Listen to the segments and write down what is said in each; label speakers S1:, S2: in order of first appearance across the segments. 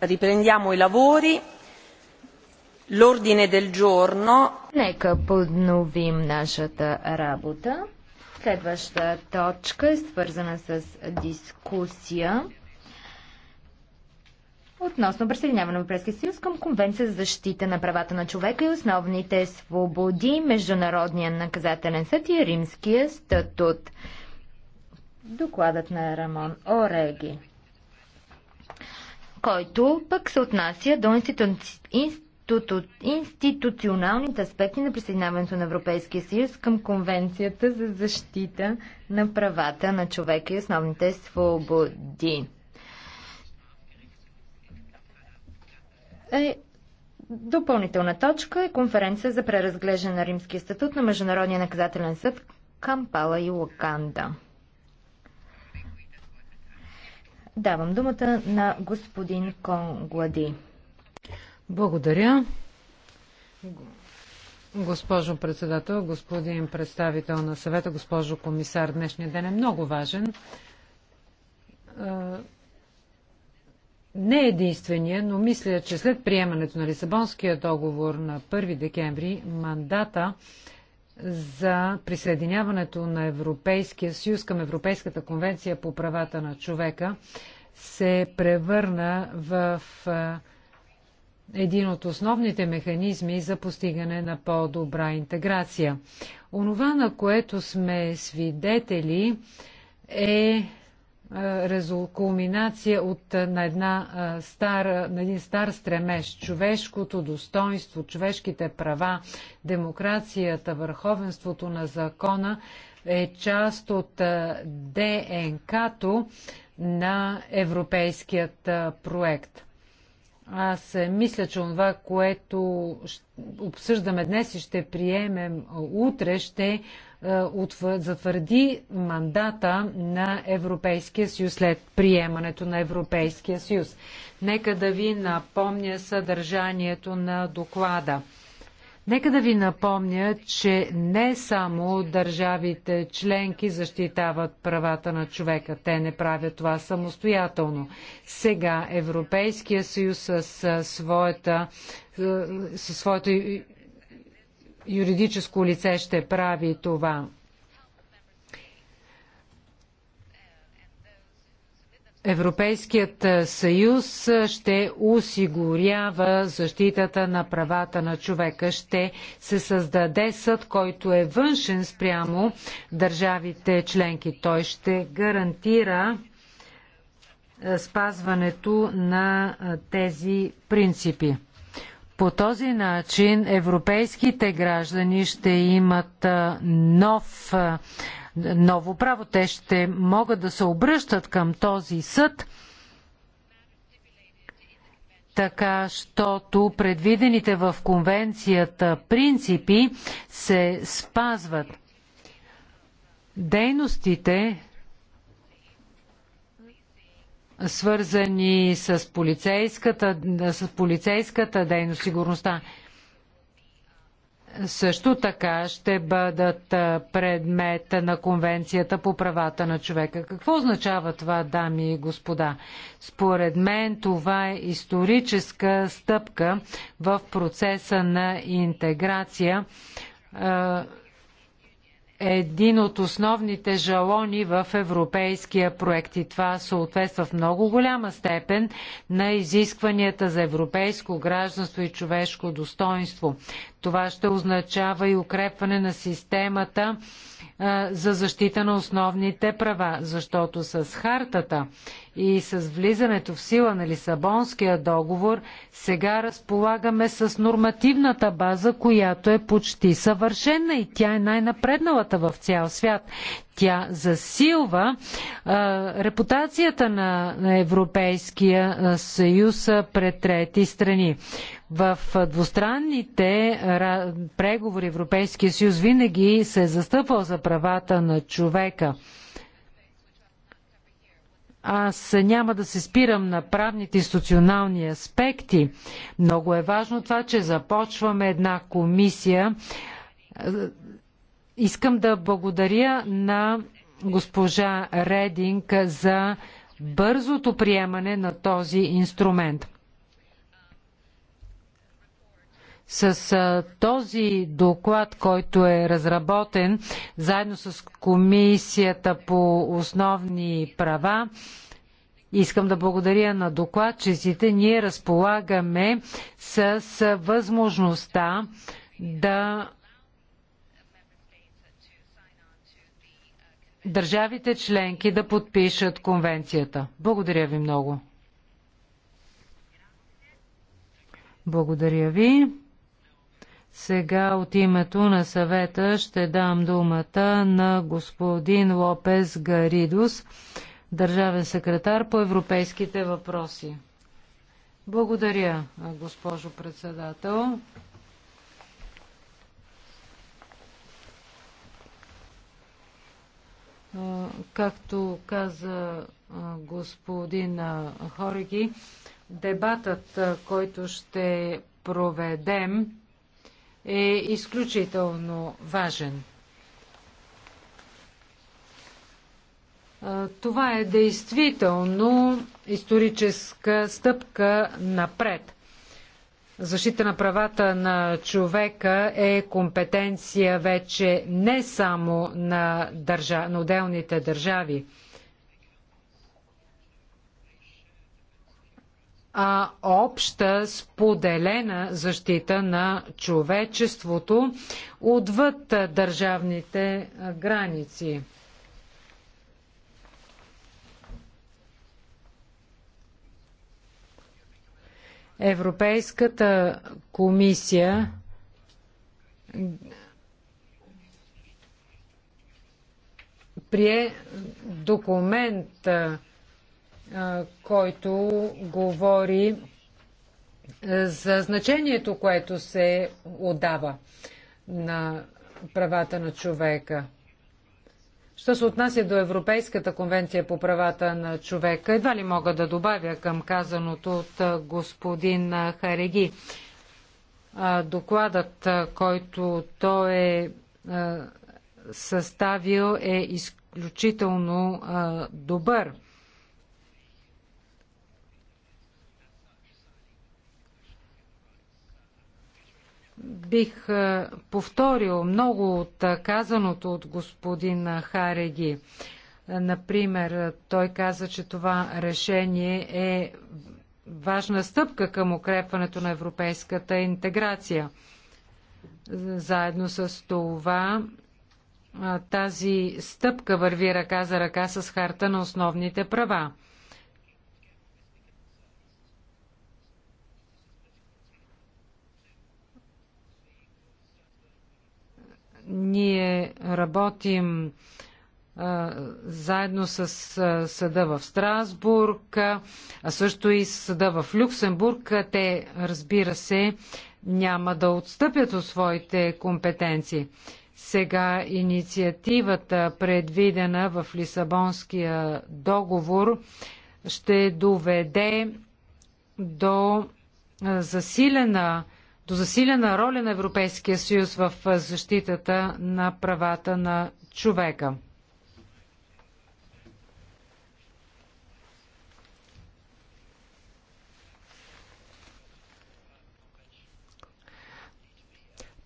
S1: Riprendiamo
S2: i lavori. L'ordine del giorno.
S1: Нека подновим нашата работа. Следваща точка е свързана с дискусия относно присъединяване на Европейския съюз към Конвенция за защита на правата на човека и основните свободи, Международния наказателен съд и Римския статут. Докладът на Рамон Ореги който пък се отнася до институ... Институ... институционалните аспекти на присъединяването на Европейския съюз към Конвенцията за защита на правата на човека и основните свободи. Е, допълнителна точка е конференция за преразглеждане на Римския статут на Международния наказателен съд Кампала и Локанда. Давам думата на господин Конглади. Благодаря.
S3: Госпожо председател, господин представител на съвета, госпожо комисар, днешния ден е много важен. Не единствения, но мисля, че след приемането на Лисабонския договор на 1 декември мандата за присъединяването на Европейския съюз към Европейската конвенция по правата на човека се превърна в един от основните механизми за постигане на по-добра интеграция. Онова, на което сме свидетели, е е, кулминация от, е, на, една, е, стар, на един стар стремеж. Човешкото достоинство, човешките права, демокрацията, върховенството на закона е част от ДНК-то на европейският проект. Аз мисля, че това, което обсъждаме днес и ще приемем утре, ще е, затвърди мандата на Европейския съюз след приемането на Европейския съюз. Нека да ви напомня съдържанието на доклада. Нека да ви напомня, че не само държавите членки защитават правата на човека. Те не правят това самостоятелно. Сега Европейския съюз със своята, е, със своето юридическо лице ще прави това. Европейският съюз ще осигурява защитата на правата на човека. Ще се създаде съд, който е външен спрямо държавите членки. Той ще гарантира спазването на тези принципи. По този начин европейските граждани ще имат нов, ново право. Те ще могат да се обръщат към този съд, така щото предвидените в конвенцията принципи се спазват. Дейностите свързани с полицейската, с полицейската дейност, сигурността, също така ще бъдат предмет на Конвенцията по правата на човека. Какво означава това, дами и господа? Според мен това е историческа стъпка в процеса на интеграция един от основните жалони в европейския проект и това съответства в много голяма степен на изискванията за европейско гражданство и човешко достоинство. Това ще означава и укрепване на системата за защита на основните права, защото с хартата и с влизането в сила на Лисабонския договор сега разполагаме с нормативната база, която е почти съвършена и тя е най-напредналата в цял свят. Тя засилва а, репутацията на Европейския съюз пред трети страни. В двустранните преговори Европейския съюз винаги се е застъпал за правата на човека. Аз няма да се спирам на правните институционални аспекти. Много е важно това, че започваме една комисия. Искам да благодаря на госпожа Рединг за бързото приемане на този инструмент. С този доклад, който е разработен заедно с Комисията по основни права, Искам да благодаря на докладчиците. Ние разполагаме с възможността да държавите членки да подпишат конвенцията. Благодаря ви много. Благодаря ви. Сега от името на съвета ще дам думата на господин Лопес Гаридус, държавен секретар по европейските въпроси. Благодаря, госпожо председател. Както каза господин Хориги, дебатът, който ще проведем, е изключително важен. Това е действително историческа стъпка напред. Защита на правата на човека е компетенция вече не само на, държа... на отделните държави. а обща споделена защита на човечеството отвъд държавните граници. Европейската комисия прие документ който говори е, за значението, което се отдава на правата на човека. Що се отнася до Европейската конвенция по правата на човека, едва ли мога да добавя към казаното от господин Хареги. Докладът, който той е съставил, е изключително добър. Бих е, повторил много от е, казаното от господин Хареги. Е, например, той каза, че това решение е важна стъпка към укрепването на европейската интеграция. Заедно с това тази стъпка върви ръка за ръка с харта на основните права. Ние работим заедно с съда в Страсбург, а също и с съда в Люксембург. Те, разбира се, няма да отстъпят от своите компетенции. Сега инициативата, предвидена в Лисабонския договор, ще доведе до засилена до засилена роля на Европейския съюз в защитата на правата на човека.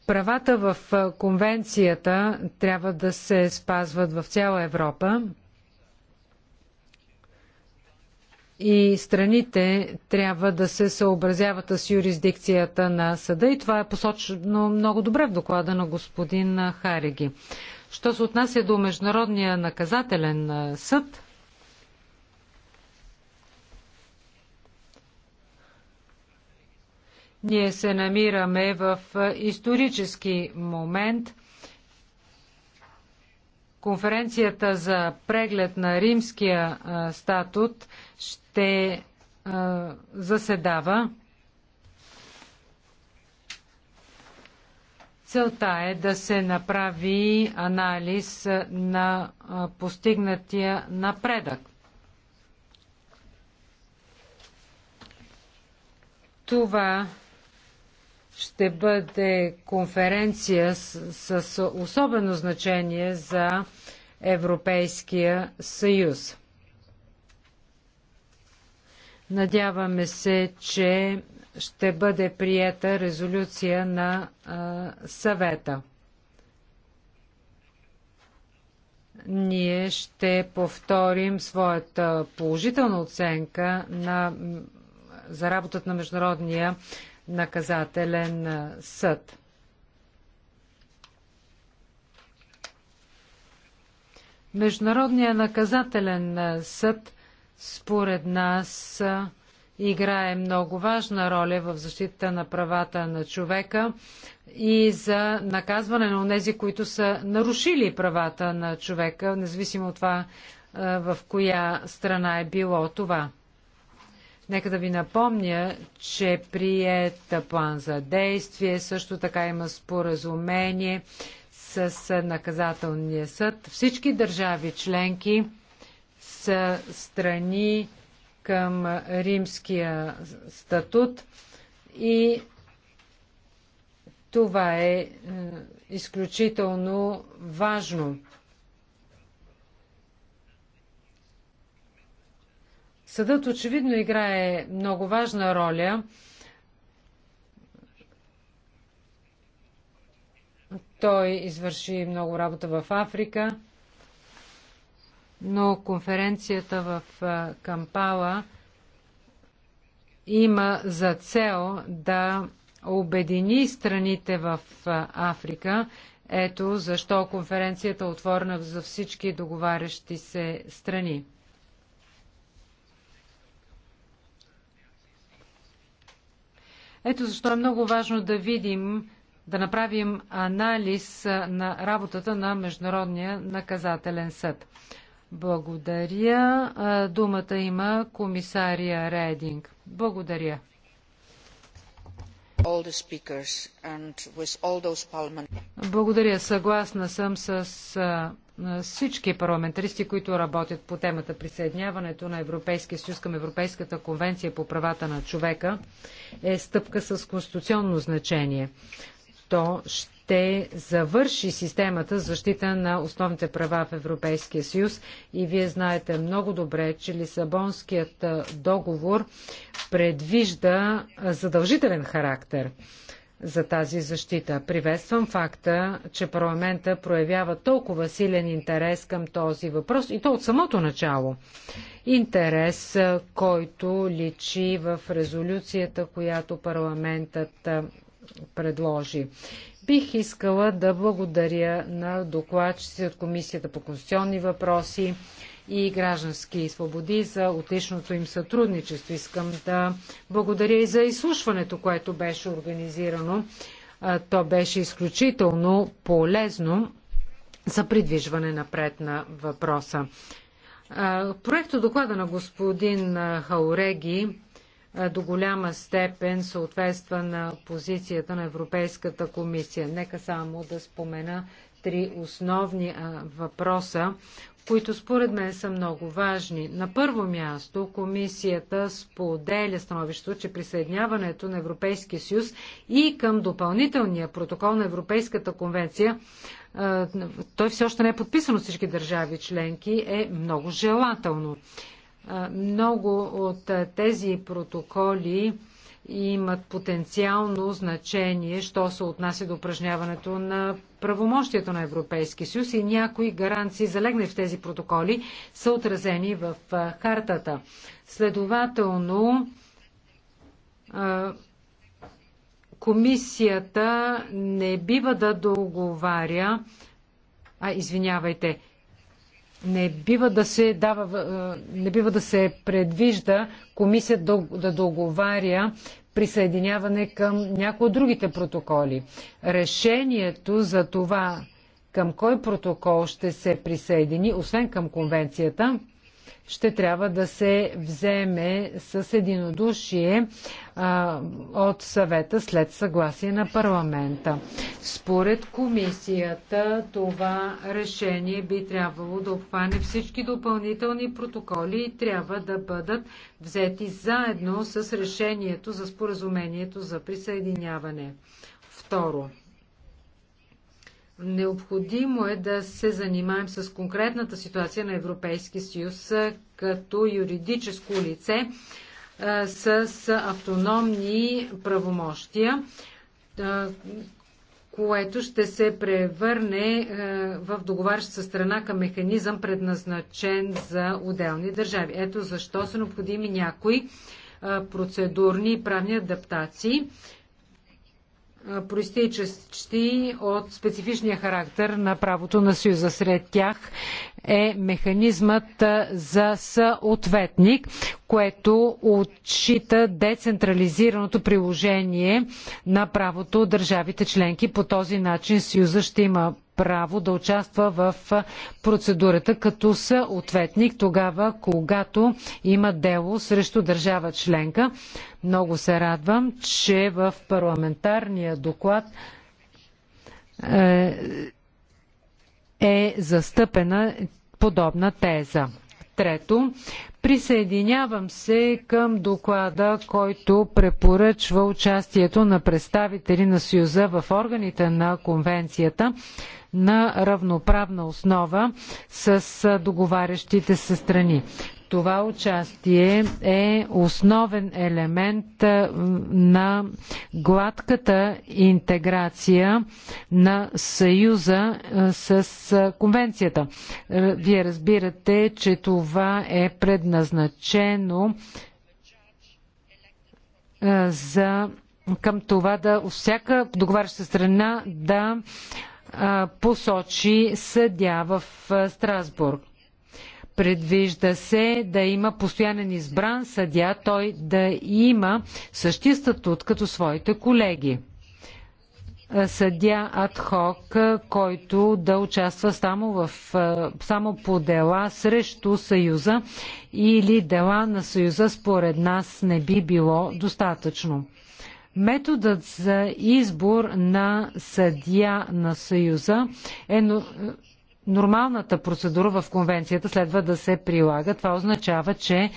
S3: Правата в конвенцията трябва да се спазват в цяла Европа. и страните трябва да се съобразяват с юрисдикцията на съда и това е посочено много добре в доклада на господин Хареги. Що се отнася до Международния наказателен съд, ние се намираме в исторически момент – Конференцията за преглед на римския статут ще заседава. Целта е да се направи анализ на постигнатия напредък. Това ще бъде конференция с, с особено значение за Европейския съюз. Надяваме се, че ще бъде приета резолюция на а, съвета. Ние ще повторим своята положителна оценка на, за работата на Международния наказателен съд. Международния наказателен съд според нас играе много важна роля в защита на правата на човека и за наказване на тези, които са нарушили правата на човека, независимо от това в коя страна е било това. Нека да ви напомня, че приета план за действие, също така има споразумение с наказателния съд. Всички държави членки са страни към римския статут и това е, е изключително важно. Съдът очевидно играе много важна роля Той извърши много работа в Африка, но конференцията в Кампала има за цел да обедини страните в Африка. Ето защо конференцията е отворена за всички договарящи се страни. Ето защо е много важно да видим да направим анализ на работата на Международния наказателен съд. Благодаря. Думата има комисария Рединг. Благодаря. Благодаря. Съгласна съм с всички парламентаристи, които работят по темата присъединяването на Европейския съюз към Европейската конвенция по правата на човека е стъпка с конституционно значение то ще завърши системата защита на основните права в Европейския съюз. И вие знаете много добре, че Лисабонският договор предвижда задължителен характер за тази защита. Приветствам факта, че парламента проявява толкова силен интерес към този въпрос и то от самото начало. Интерес, който личи в резолюцията, която парламентът предложи. Бих искала да благодаря на докладчици от Комисията по конституционни въпроси и граждански свободи за отличното им сътрудничество. Искам да благодаря и за изслушването, което беше организирано. То беше изключително полезно за придвижване напред на въпроса. Проектодоклада доклада на господин Хауреги до голяма степен съответства на позицията на Европейската комисия. Нека само да спомена три основни въпроса, които според мен са много важни. На първо място комисията споделя становището, че присъединяването на Европейския съюз и към допълнителния протокол на Европейската конвенция, той все още не е подписан от всички държави членки, е много желателно. Много от тези протоколи имат потенциално значение, що се отнася до упражняването на правомощието на Европейския съюз и някои гаранции, залегнали в тези протоколи, са отразени в хартата. Следователно, комисията не бива да договаря, а извинявайте, не бива да се, дава, не бива да се предвижда комисия да договаря присъединяване към някои от другите протоколи. Решението за това към кой протокол ще се присъедини, освен към конвенцията, ще трябва да се вземе с единодушие а, от съвета след съгласие на парламента. Според комисията това решение би трябвало да обхване всички допълнителни протоколи и трябва да бъдат взети заедно с решението за споразумението за присъединяване. Второ, Необходимо е да се занимаем с конкретната ситуация на Европейския съюз като юридическо лице с автономни правомощия, което ще се превърне в договаряща страна към механизъм, предназначен за отделни държави. Ето защо са необходими някои процедурни и правни адаптации, проистичащи от специфичния характер на правото на Съюза. Сред тях е механизмът за съответник, което отчита децентрализираното приложение на правото държавите членки. По този начин Съюза ще има право да участва в процедурата като съответник тогава, когато има дело срещу държава членка. Много се радвам, че в парламентарния доклад е, е застъпена подобна теза. Трето, присъединявам се към доклада, който препоръчва участието на представители на Съюза в органите на конвенцията на равноправна основа с договарящите се страни. Това участие е основен елемент на гладката интеграция на Съюза с Конвенцията. Вие разбирате, че това е предназначено за към това да всяка договаряща страна да посочи съдя в Страсбург. Предвижда се да има постоянен избран съдя, той да има същия статут като своите колеги. Съдя Адхок, който да участва само, в, само по дела срещу Съюза или дела на Съюза, според нас не би било достатъчно. Методът за избор на съдия на Съюза е нормалната процедура в конвенцията следва да се прилага. Това означава, че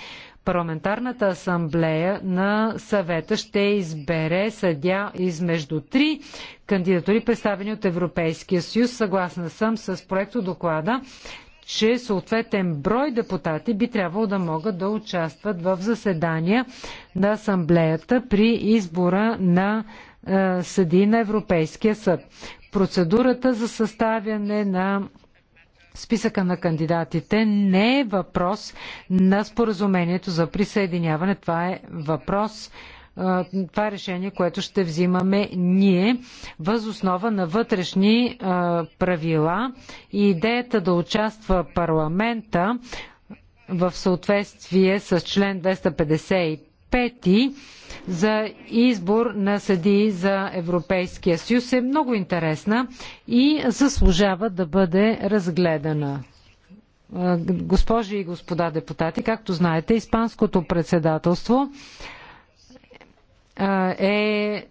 S3: парламентарната асамблея на съвета ще избере съдя измежду три кандидатури, представени от Европейския съюз. Съгласна съм с проекто доклада че съответен брой депутати би трябвало да могат да участват в заседания на асамблеята при избора на е, съди на Европейския съд. Процедурата за съставяне на списъка на кандидатите не е въпрос на споразумението за присъединяване. Това е въпрос това е решение, което ще взимаме ние въз основа на вътрешни правила и идеята да участва парламента в съответствие с член 255 за избор на съдии за Европейския съюз е много интересна и заслужава да бъде разгледана. Госпожи и господа депутати, както знаете, Испанското председателство е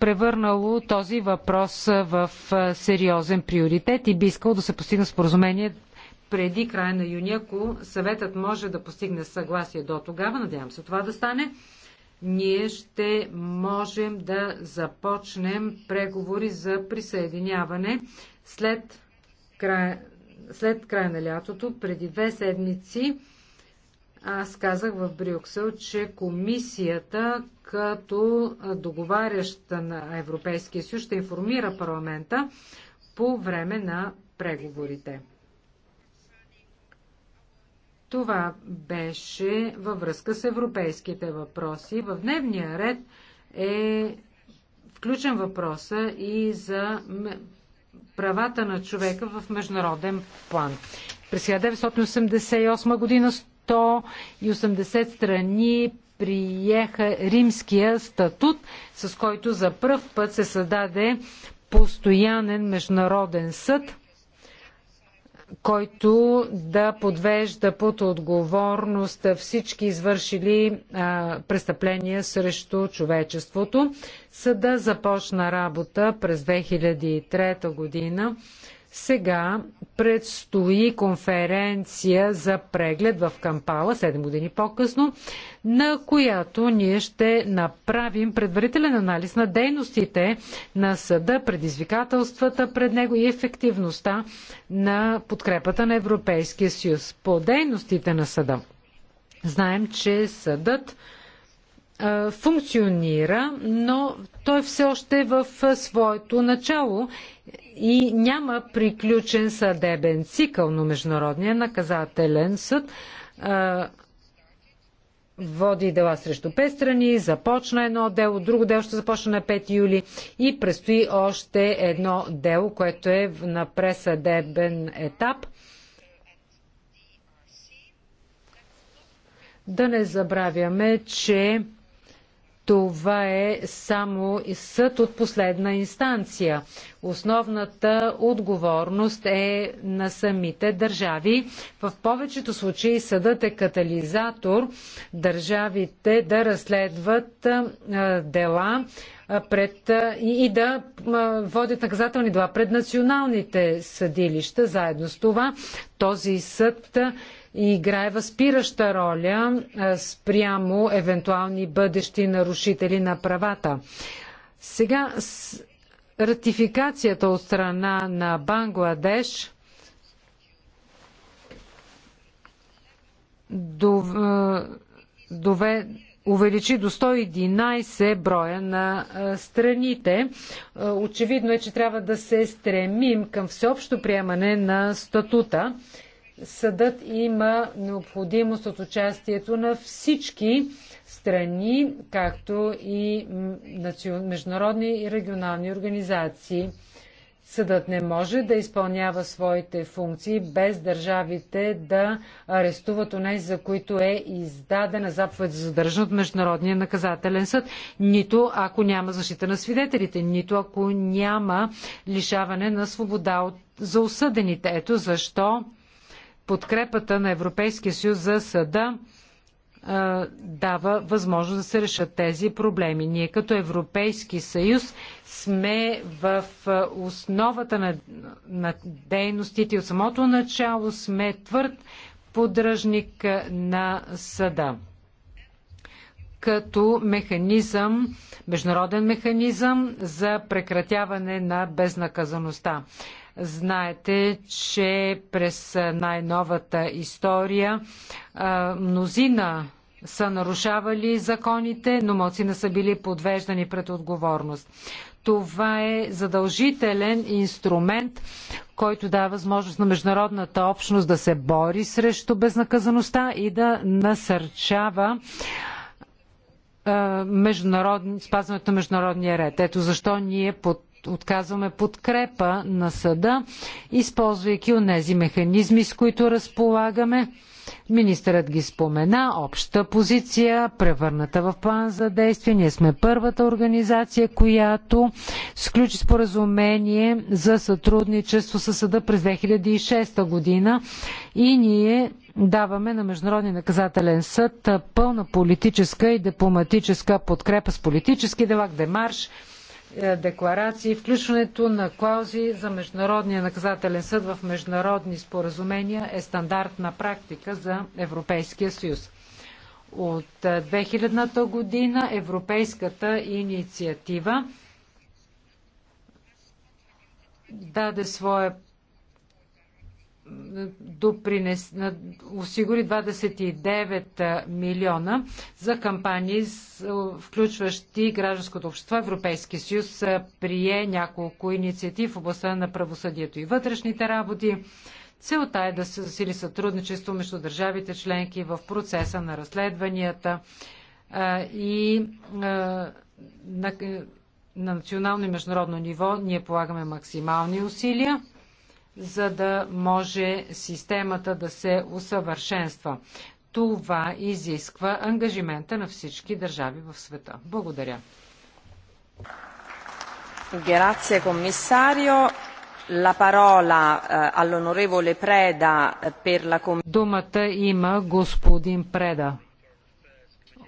S3: превърнало този въпрос в сериозен приоритет и би искал да се постигне споразумение преди края на юни, ако съветът може да постигне съгласие до тогава, надявам се това да стане, ние ще можем да започнем преговори за присъединяване след края, след края на лятото, преди две седмици аз казах в Брюксел, че комисията като договаряща на Европейския съюз ще информира парламента по време на преговорите. Това беше във връзка с европейските въпроси. В дневния ред е включен въпроса и за правата на човека в международен план. През 1988 година 180 страни приеха римския статут, с който за първ път се създаде постоянен международен съд, който да подвежда под отговорност всички извършили а, престъпления срещу човечеството. Съда започна работа през 2003 година сега предстои конференция за преглед в Кампала, 7 години по-късно, на която ние ще направим предварителен анализ на дейностите на съда, предизвикателствата пред него и ефективността на подкрепата на Европейския съюз. По дейностите на съда. Знаем, че съдът функционира, но той все още е в своето начало и няма приключен съдебен цикъл, но Международния наказателен съд води дела срещу пет страни, започна едно дело, друго дело ще започне на 5 юли и предстои още едно дело, което е на пресъдебен етап. Да не забравяме, че това е само съд от последна инстанция. Основната отговорност е на самите държави. В повечето случаи съдът е катализатор държавите да разследват дела пред, и да водят наказателни дела пред националните съдилища. Заедно с това този съд играе възпираща роля спрямо евентуални бъдещи нарушители на правата. Сега с ратификацията от страна на Бангладеш дове, увеличи до 111 броя на страните. Очевидно е, че трябва да се стремим към всеобщо приемане на статута съдът има необходимост от участието на всички страни, както и международни и регионални организации. Съдът не може да изпълнява своите функции без държавите да арестуват онези, за които е издадена заповед за задържане от Международния наказателен съд, нито ако няма защита на свидетелите, нито ако няма лишаване на свобода от... за осъдените. Ето защо подкрепата на Европейския съюз за съда дава възможност да се решат тези проблеми. Ние като Европейски съюз сме в основата на, на дейностите от самото начало сме твърд поддръжник на съда като механизъм, международен механизъм за прекратяване на безнаказаността. Знаете, че през най-новата история мнозина са нарушавали законите, но мълцина са били подвеждани пред отговорност. Това е задължителен инструмент, който дава възможност на международната общност да се бори срещу безнаказаността и да насърчава международ... спазването на международния ред. Ето защо ние под отказваме подкрепа на съда, използвайки онези механизми, с които разполагаме. Министърът ги спомена, обща позиция, превърната в план за действие. Ние сме първата организация, която сключи споразумение за сътрудничество с съда през 2006 година и ние даваме на Международния наказателен съд пълна политическа и дипломатическа подкрепа с политически дела, демарш, е, декларации, включването на клаузи за Международния наказателен съд в международни споразумения е стандартна практика за Европейския съюз. От 2000-та е, година Европейската инициатива даде своя допринес, осигури 29 милиона за кампании, включващи гражданското общество. Европейски съюз прие няколко инициатив в областта на правосъдието и вътрешните работи. Целта е да се засили сътрудничество между държавите членки в процеса на разследванията и на, на национално и международно ниво ние полагаме максимални усилия за да може системата да се усъвършенства. Това изисква ангажимента на всички държави в света. Благодаря.
S2: Grazie commissario. La parola eh, all'onorevole Preda per la Думата има
S3: господин Преда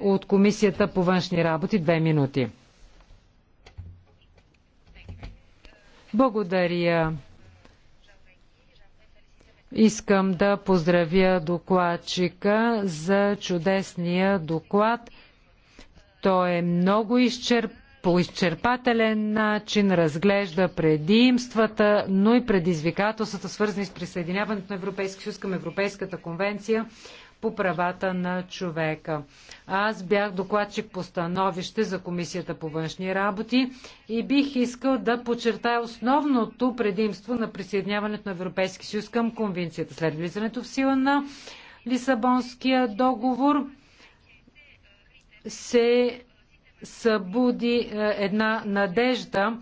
S3: от Комисията по външни работи. Две минути. Благодаря, Искам да поздравя докладчика за чудесния доклад. Той е много изчерп... по изчерпателен начин, разглежда предимствата, но и предизвикателствата, свързани с присъединяването на Европейския съюз към Европейската конвенция по правата на човека. Аз бях докладчик по становище за Комисията по външни работи и бих искал да подчертая основното предимство на присъединяването на Европейски съюз към конвенцията. След влизането в сила на Лисабонския договор се събуди е, една надежда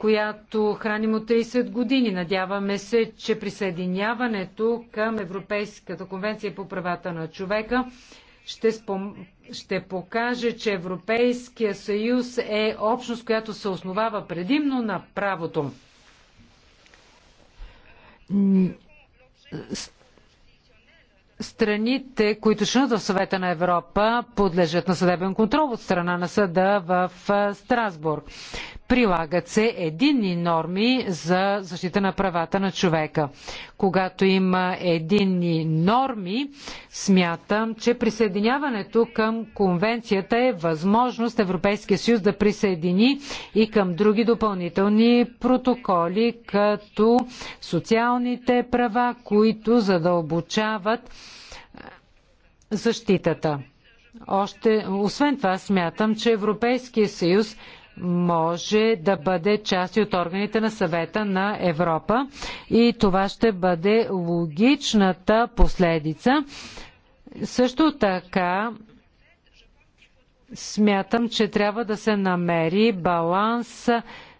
S3: която храним от 30 години. Надяваме се, че присъединяването към Европейската конвенция по правата на човека ще, спом... ще покаже, че Европейския съюз е общност, която се основава предимно на правото. Страните, които членуват в съвета на Европа, подлежат на съдебен контрол от страна на съда в Страсбург. Прилагат се единни норми за защита на правата на човека. Когато има единни норми, смятам, че присъединяването към конвенцията е възможност Европейския съюз да присъедини и към други допълнителни протоколи, като социалните права, които задълбочават защитата. Още, освен това, смятам, че Европейския съюз може да бъде част от органите на съвета на Европа и това ще бъде логичната последица. Също така смятам, че трябва да се намери баланс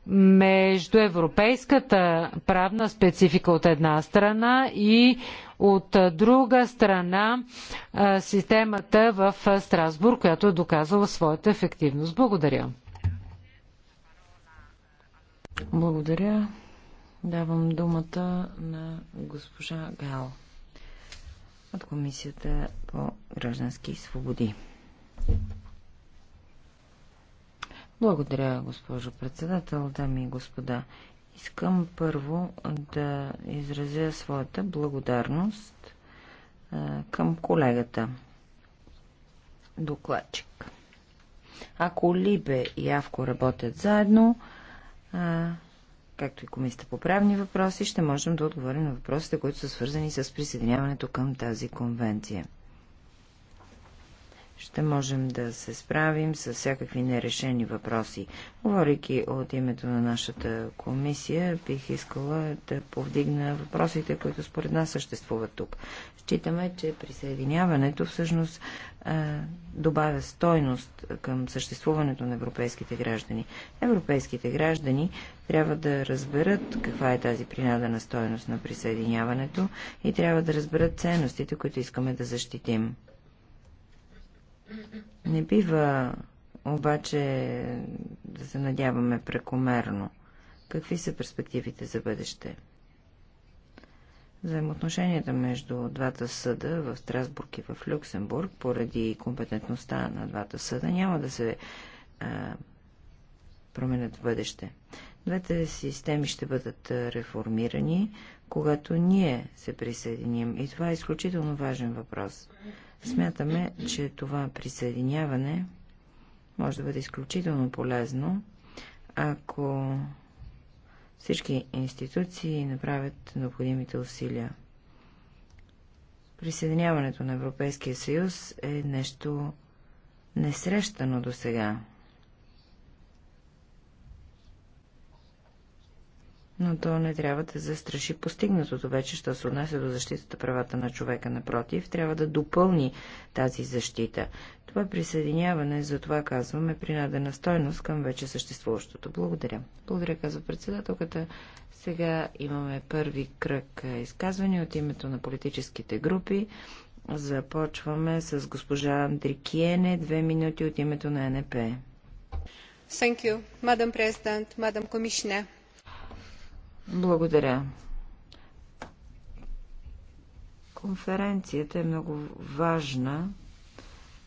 S3: между европейската правна специфика от една страна и от друга страна системата в Страсбург, която е доказала своята ефективност. Благодаря.
S4: Благодаря. Давам думата на госпожа Гал от Комисията по граждански свободи. Благодаря, госпожо председател, дами и господа. Искам първо да изразя своята благодарност към колегата докладчик. Ако Либе и Авко работят заедно, а, както и Комисията по правни въпроси, ще можем да отговорим на въпросите, които са свързани с присъединяването към тази конвенция. Ще можем да се справим с всякакви нерешени въпроси. Говорейки от името на нашата комисия, бих искала да повдигна въпросите, които според нас съществуват тук. Считаме, че присъединяването всъщност добавя стойност към съществуването на европейските граждани. Европейските граждани трябва да разберат каква е тази принадена стойност на присъединяването и трябва да разберат ценностите, които искаме да защитим. Не бива обаче да се надяваме прекомерно. Какви са перспективите за бъдеще? Взаимоотношенията между двата съда в Страсбург и в Люксембург, поради компетентността на двата съда, няма да се а, променят в бъдеще. Двете системи ще бъдат реформирани, когато ние се присъединим. И това е изключително важен въпрос. Смятаме, че това присъединяване може да бъде изключително полезно, ако всички институции направят необходимите усилия. Присъединяването на Европейския съюз е нещо несрещано до сега. но то не трябва да застраши постигнатото вече, що се отнася до защитата правата на човека. Напротив, трябва да допълни тази защита. Това присъединяване, за това казваме, принадена стойност към вече съществуващото. Благодаря. Благодаря, казва председателката. Сега имаме първи кръг изказване от името на политическите групи. Започваме с госпожа Андрикиене, две минути от името на НП. Thank you, Madam President, Madam Commissioner. Благодаря. Конференцията е много важна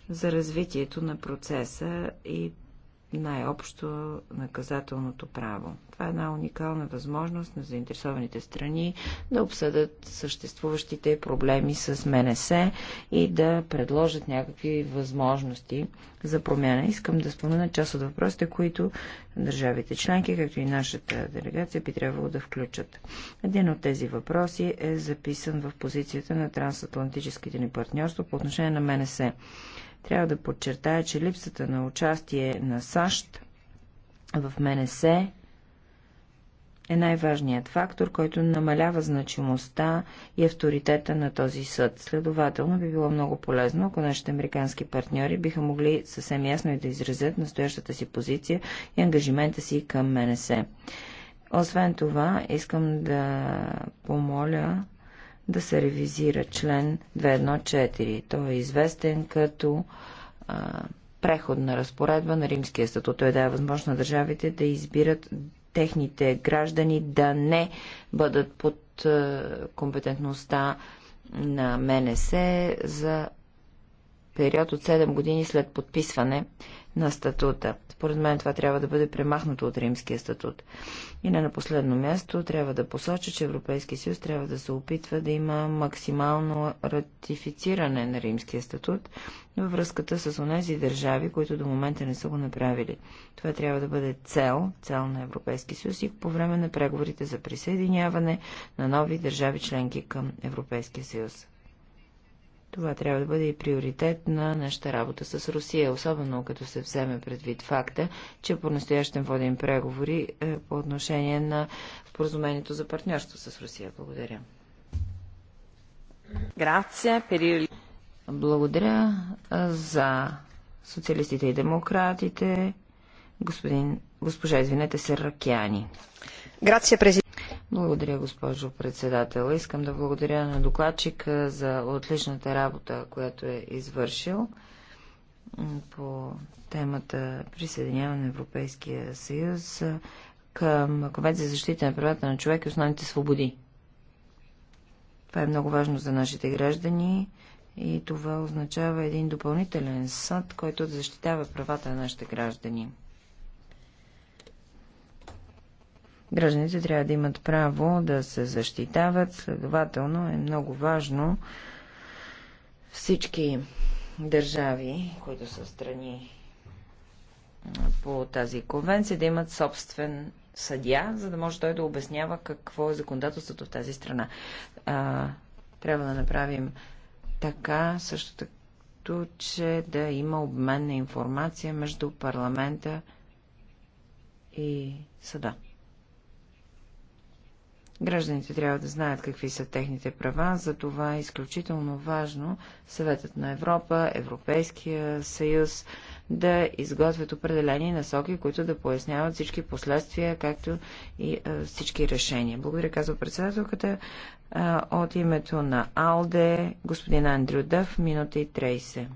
S4: за развитието на процеса и най-общо наказателното право. Това е една уникална възможност на заинтересованите страни да обсъдят съществуващите проблеми с МНС и да предложат някакви възможности за промяна. Искам да спомена част от въпросите, които държавите членки, както и нашата делегация, би трябвало да включат. Един от тези въпроси е записан в позицията на трансатлантическите ни партньорства по отношение на МНС. Трябва да подчертая, че липсата на участие на САЩ в МНС е най-важният фактор, който намалява значимостта и авторитета на този съд. Следователно би било много полезно, ако нашите американски партньори биха могли съвсем ясно и да изразят настоящата си позиция и ангажимента си към МНС. Освен това, искам да помоля да се ревизира член 214. Той е известен като а, преходна разпоредба на Римския статут. Той дава възможност на държавите да избират техните граждани да не бъдат под а, компетентността на МНС за период от 7 години след подписване на статута. Според мен това трябва да бъде премахнато от римския статут. И не на последно място трябва да посоча, че Европейския съюз трябва да се опитва да има максимално ратифициране на римския статут във връзката с онези държави, които до момента не са го направили. Това трябва да бъде цел, цел на Европейския съюз и по време на преговорите за присъединяване на нови държави членки към Европейския съюз. Това трябва да бъде и приоритет на нашата работа с Русия, особено като се вземе предвид факта, че по-настоящем водим преговори е, по отношение на споразумението за партньорство с Русия. Благодаря. Благодаря за социалистите и демократите. Господин, госпожа, извинете се, Ракяни. Грация, президент. Благодаря, госпожо председател. Искам да благодаря на докладчика за отличната работа, която е извършил по темата присъединяване на Европейския съюз към Конвенция за защита на правата на човек и основните свободи. Това е много важно за нашите граждани и това означава един допълнителен съд, който защитава правата на нашите граждани. Гражданите трябва да имат право да се защитават, следователно е много важно всички държави, които са страни по тази конвенция, да имат собствен съдя, за да може той да обяснява какво е законодателството в тази страна. А, трябва да направим така, също така, че да има обмен на информация между парламента и съда. Гражданите трябва да знаят какви са техните права, за това е изключително важно Съветът на Европа, Европейския съюз да изготвят определени насоки, които да поясняват всички последствия, както и всички решения. Благодаря, казва председателката. от името на АЛДЕ, господин Андрю Дъв, минута и 30.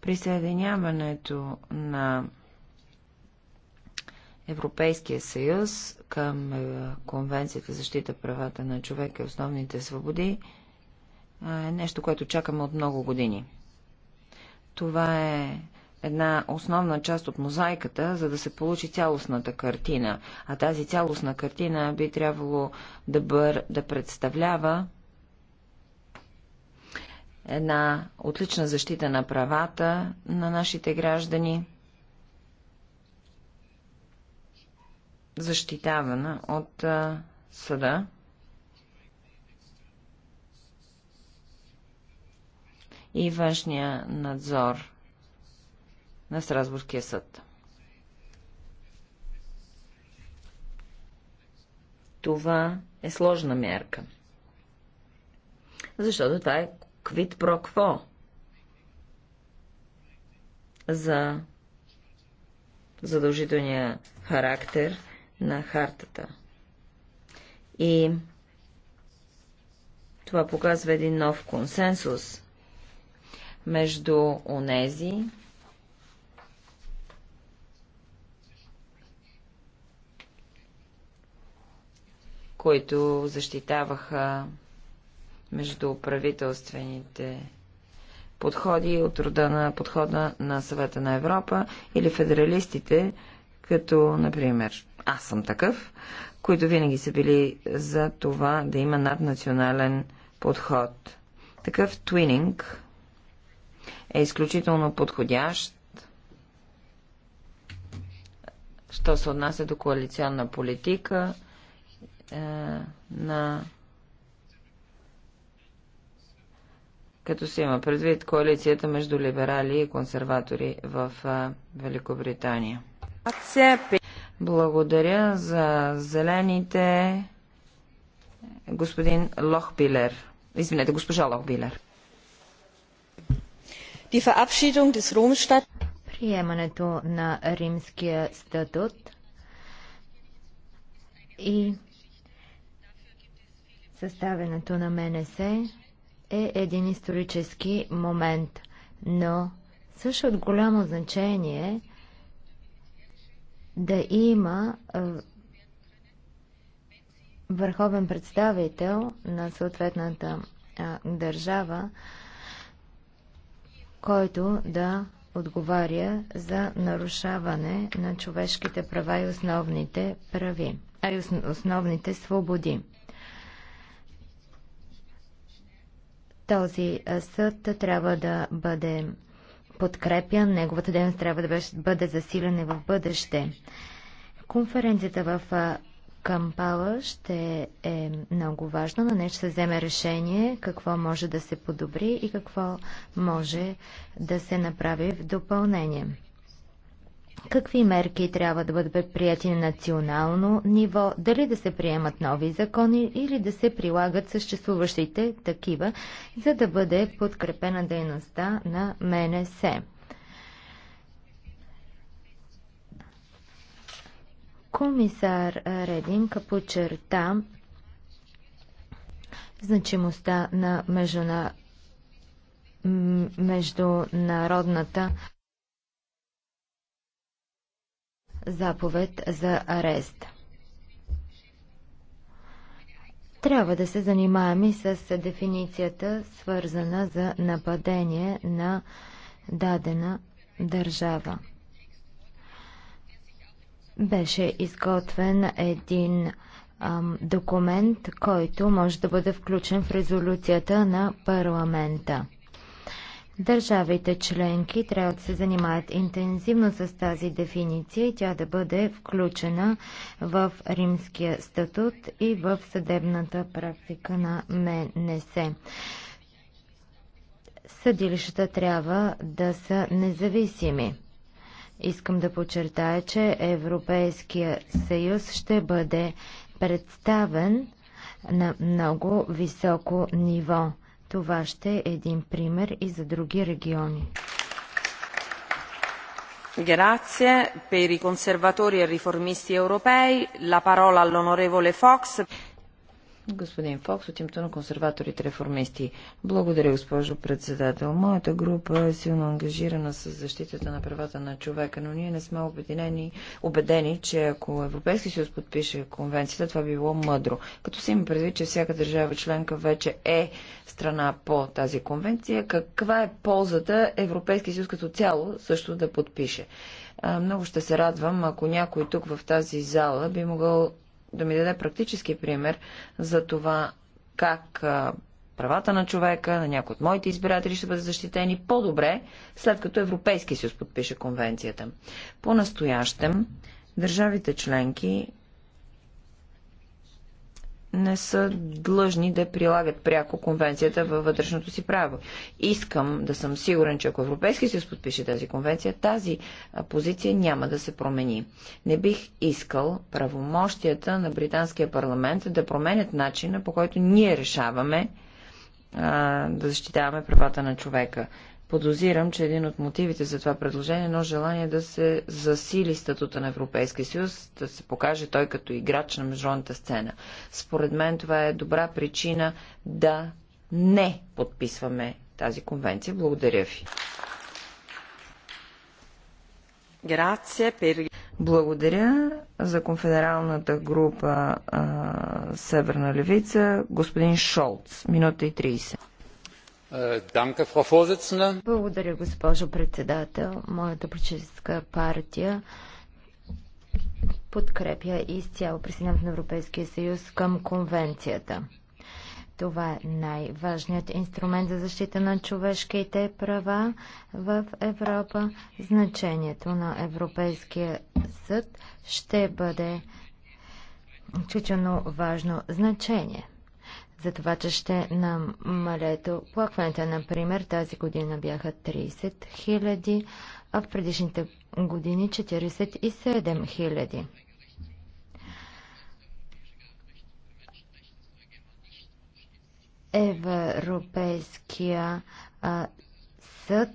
S4: присъединяването на Европейския съюз към е, Конвенцията за защита правата на човека и основните свободи е нещо, което чакаме от много години. Това е една основна част от мозайката, за да се получи цялостната картина. А тази цялостна картина би трябвало да, бър, да представлява една отлична защита на правата на нашите граждани, защитавана от а, съда. и външния надзор на Страсбургския съд. Това е сложна мерка. Защото това е квит про кво. За задължителния характер на хартата. И това показва един нов консенсус между онези, които защитаваха между правителствените подходи от рода на подхода на Съвета на Европа или федералистите, като, например, аз съм такъв, които винаги са били за това да има наднационален подход. Такъв твининг е изключително подходящ, що се отнася до коалиционна политика е, на като се има предвид коалицията между либерали и консерватори в е, Великобритания. Благодаря за зелените. Господин Лохбилер. Извинете, госпожа Лохбилер.
S1: Приемането на римския статут и съставянето на МНС е един исторически момент, но също от голямо значение е да има върховен представител на съответната държава, който да отговаря за нарушаване на човешките права и основните прави, а и основните свободи. Този съд трябва да бъде подкрепя. Неговата дейност трябва да бъде засилена в бъдеще. Конференцията в Кампала ще е много важно. но не ще се вземе решение какво може да се подобри и какво може да се направи в допълнение. Какви мерки трябва да бъдат предприяти на национално ниво, дали да се приемат нови закони или да се прилагат съществуващите такива, за да бъде подкрепена дейността на МНС? Комисар Рединка подчерта значимостта на международната заповед за арест. Трябва да се занимаем и с дефиницията, свързана за нападение на дадена държава. Беше изготвен един ам, документ, който може да бъде включен в резолюцията на парламента. Държавите членки трябва да се занимаят интензивно с тази дефиниция и тя да бъде включена в римския статут и в съдебната практика на МНС. Съдилищата трябва да са независими. Искам да подчертая, че Европейския съюз ще бъде представен на много високо ниво. Това ще е един пример и за други региони.
S2: Grazie per i conservatori e riformisti europei. La parola all'onorevole Fox.
S4: Господин Фокс от името на консерваторите реформисти. Благодаря, госпожо председател. Моята група е силно ангажирана с защитата на правата на човека, но ние не сме обединени, убедени, че ако Европейски съюз подпише конвенцията, това би било мъдро. Като се има предвид, че всяка държава членка вече е страна по тази конвенция, каква е ползата Европейски съюз като цяло също да подпише? Много ще се радвам, ако някой тук в тази зала би могъл да ми даде практически пример за това как правата на човека, на някои от моите избиратели ще бъдат защитени по-добре, след като Европейски съюз подпише конвенцията. По-настоящем държавите членки не са длъжни да прилагат пряко конвенцията във вътрешното си право. Искам да съм сигурен, че ако Европейски съюз подпише тази конвенция, тази позиция няма да се промени. Не бих искал правомощията на британския парламент да променят начина по който ние решаваме а, да защитаваме правата на човека. Подозирам, че е един от мотивите за това предложение е едно желание да се засили статута на Европейския съюз, да се покаже той като играч на международната сцена. Според мен това е добра причина да не подписваме тази конвенция. Благодаря ви. Благодаря за конфедералната група а, Северна левица, господин Шолц. Минута и 30.
S1: Е, Благодаря, госпожо председател. Моята политическа партия подкрепя изцяло присъединяването на Европейския съюз към конвенцията. Това е най-важният инструмент за защита на човешките права в Европа. Значението на Европейския съд ще бъде изключително важно значение за това, че ще намалето плакването, Например, тази година бяха 30 000, а в предишните години 47 000. Европейския съд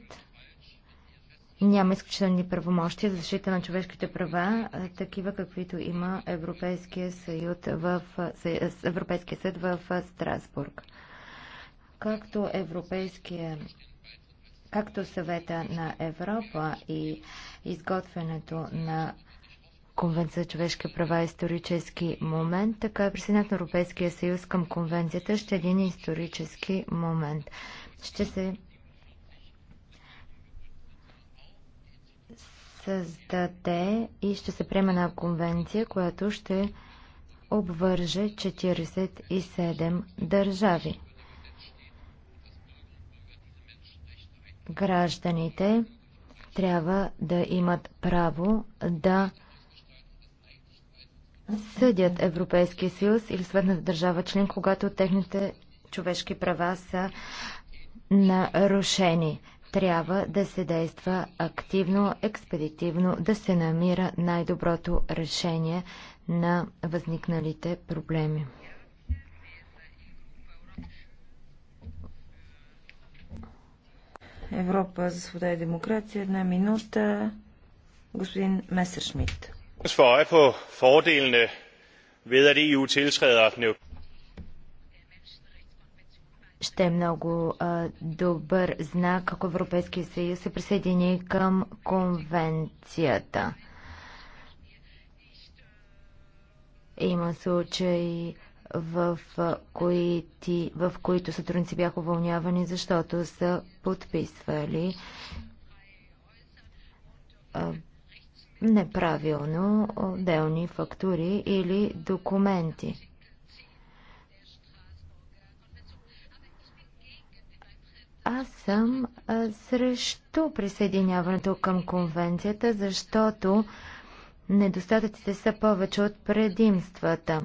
S1: няма изключителни правомощия за защита на човешките права, такива каквито има Европейския, съюз в, Европейския съд в Страсбург. Както Европейския както съвета на Европа и изготвянето на Конвенция за човешки права е исторически момент, така и присъединят на Европейския съюз към конвенцията ще е един исторически момент. Ще се създаде и ще се приеме на конвенция, която ще обвърже 47 държави. Гражданите трябва да имат право да съдят Европейския съюз или съответната държава член, когато техните човешки права са нарушени трябва да се действа активно, експедитивно, да се намира най-доброто решение на възникналите проблеми.
S4: Европа за свобода и демокрация. Една минута. Господин Месершмит.
S5: Svaret på fordelene ved, at EU tiltræder den
S1: ще е много а, добър знак, ако Европейския съюз се присъедини към конвенцията. Има случаи, в, които, в които сътрудници бяха уволнявани, защото са подписвали а, неправилно отделни фактури или документи. Аз съм а, срещу присъединяването към конвенцията, защото недостатъците са повече от предимствата.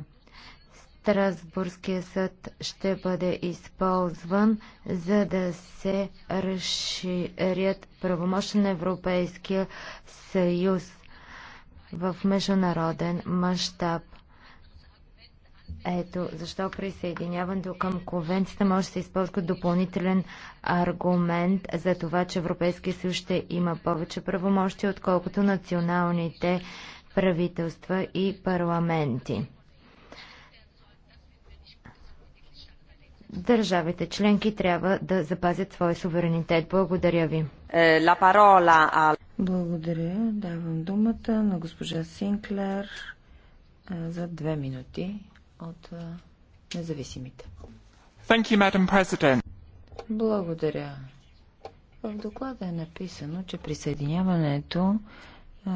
S1: Страсбургския съд ще бъде използван, за да се разширят правомощен на Европейския съюз в международен мащаб. Ето защо присъединяването към конвенцията може да се използва допълнителен аргумент за това, че Европейския съюз ще има повече правомощи, отколкото националните правителства и парламенти. Държавите членки трябва да запазят своя суверенитет. Благодаря ви. Е, Благодаря. Давам думата на
S4: госпожа Синклер за две минути от независимите. You, Благодаря. В доклада е написано, че присъединяването а,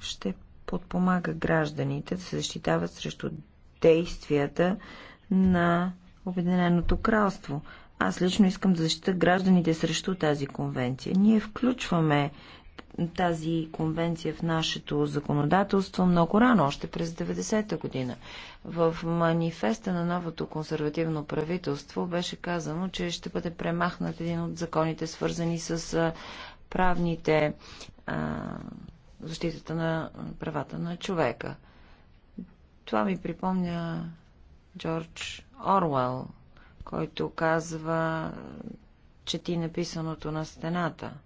S4: ще подпомага гражданите да се защитават срещу действията на Обединеното кралство. Аз лично искам да защита гражданите срещу тази конвенция. Ние включваме тази конвенция в нашето законодателство много рано, още през 90-та година. В манифеста на новото консервативно правителство беше казано, че ще бъде премахнат един от законите, свързани с правните а, защитата на правата на човека. Това ми припомня Джордж Орвел, който казва, чети е написаното на стената –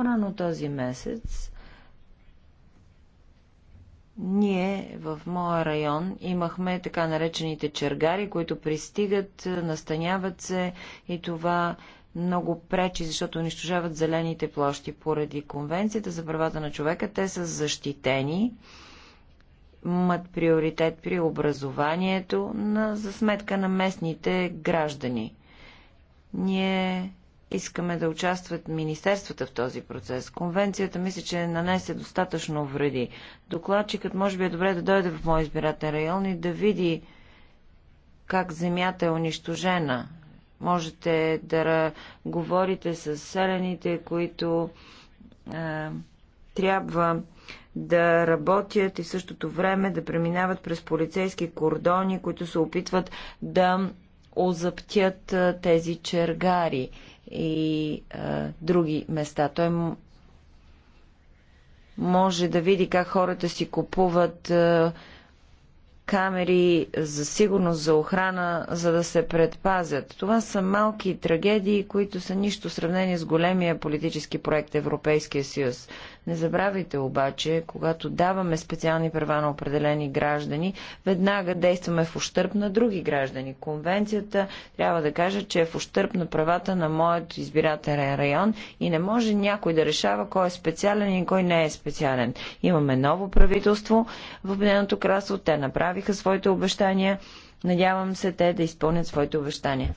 S4: по-рано този месец ние в моя район имахме така наречените чергари, които пристигат, настаняват се и това много пречи, защото унищожават зелените площи. Поради Конвенцията за правата на човека те са защитени, имат приоритет при образованието на, за сметка на местните граждани. Ние Искаме да участват министерствата в този процес. Конвенцията мисля, че нанесе достатъчно вреди. Докладчикът може би е добре да дойде в мой избирателен район и да види как земята е унищожена. Можете да говорите с селените, които е, трябва да работят и в същото време да преминават през полицейски кордони, които се опитват да озъптят тези чергари и а, други места. Той може да види как хората си купуват а, камери за сигурност, за охрана, за да се предпазят. Това са малки трагедии, които са нищо в сравнение с големия политически проект Европейския съюз. Не забравяйте обаче, когато даваме специални права на определени граждани, веднага действаме в ущърп на други граждани. Конвенцията трябва да каже, че е в ущърп на правата на моят избирателен район и не може някой да решава кой е специален и кой не е специален. Имаме ново правителство в Обединеното кралство, те направиха своите обещания. Надявам се те да изпълнят своите обещания.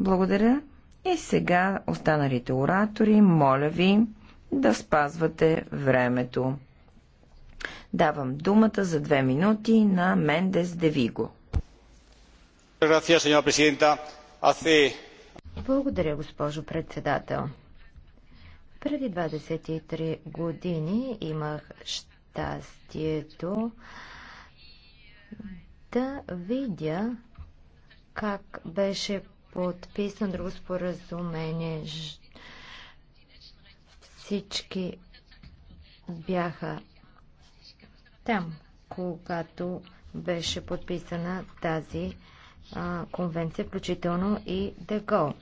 S4: Благодаря. И сега останалите оратори, моля ви да спазвате времето. Давам думата за две минути на Мендес Девиго.
S1: Благодаря, госпожо председател. Преди 23 години имах щастието да видя как беше подписан друго споразумение. Всички бяха там, когато беше подписана тази а, конвенция, включително и Дегол.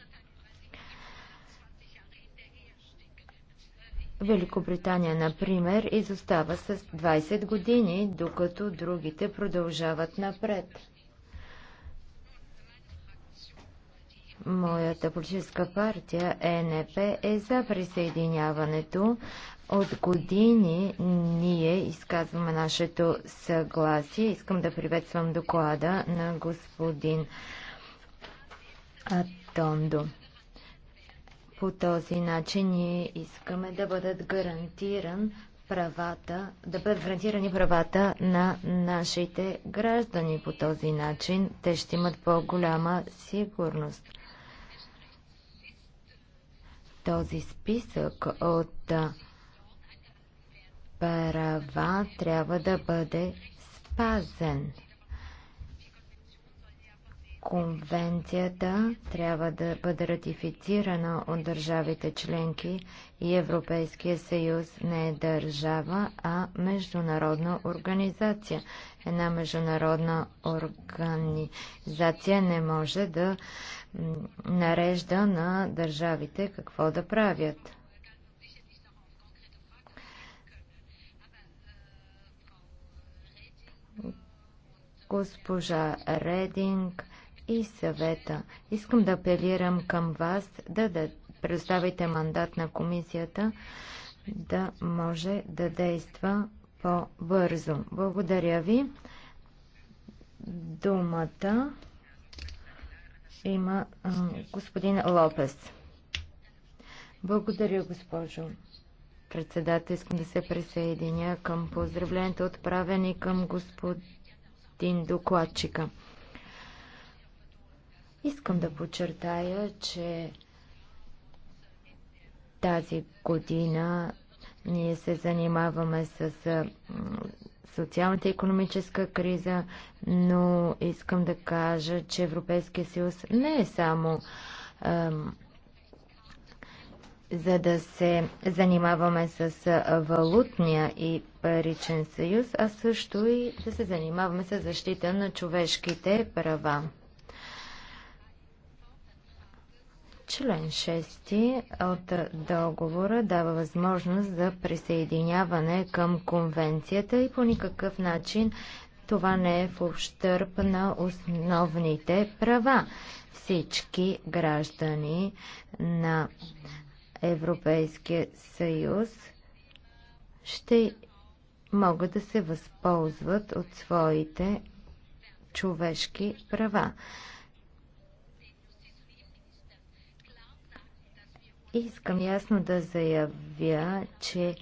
S1: Великобритания, например, изостава с 20 години, докато другите продължават напред. Моята политическа партия ЕНП е за присъединяването. От години ние изказваме нашето съгласие. Искам да приветствам доклада на господин Атондо. По този начин ние искаме да бъдат гарантиран правата, да бъдат гарантирани правата на нашите граждани. По този начин те ще имат по-голяма сигурност. Този списък от права трябва да бъде спазен. Конвенцията трябва да бъде ратифицирана от държавите членки и Европейския съюз не е държава, а международна организация. Една международна организация не може да нарежда на държавите какво да правят. Госпожа Рединг и съвета. Искам да апелирам към вас да, да представите мандат на комисията да може да действа по-бързо. Благодаря ви. Думата има господин Лопес. Благодаря, госпожо председател. Искам да се присъединя към поздравленията, отправени към господин докладчика. Искам да подчертая, че тази година ние се занимаваме с социалната и економическа криза, но искам да кажа, че Европейския съюз не е само за да се занимаваме с валутния и паричен съюз, а също и да се занимаваме с защита на човешките права. Член 6 от договора дава възможност за присъединяване към конвенцията и по никакъв начин това не е в общърп на основните права. Всички граждани на Европейския съюз ще могат да се възползват от своите човешки права. Искам ясно да заявя, че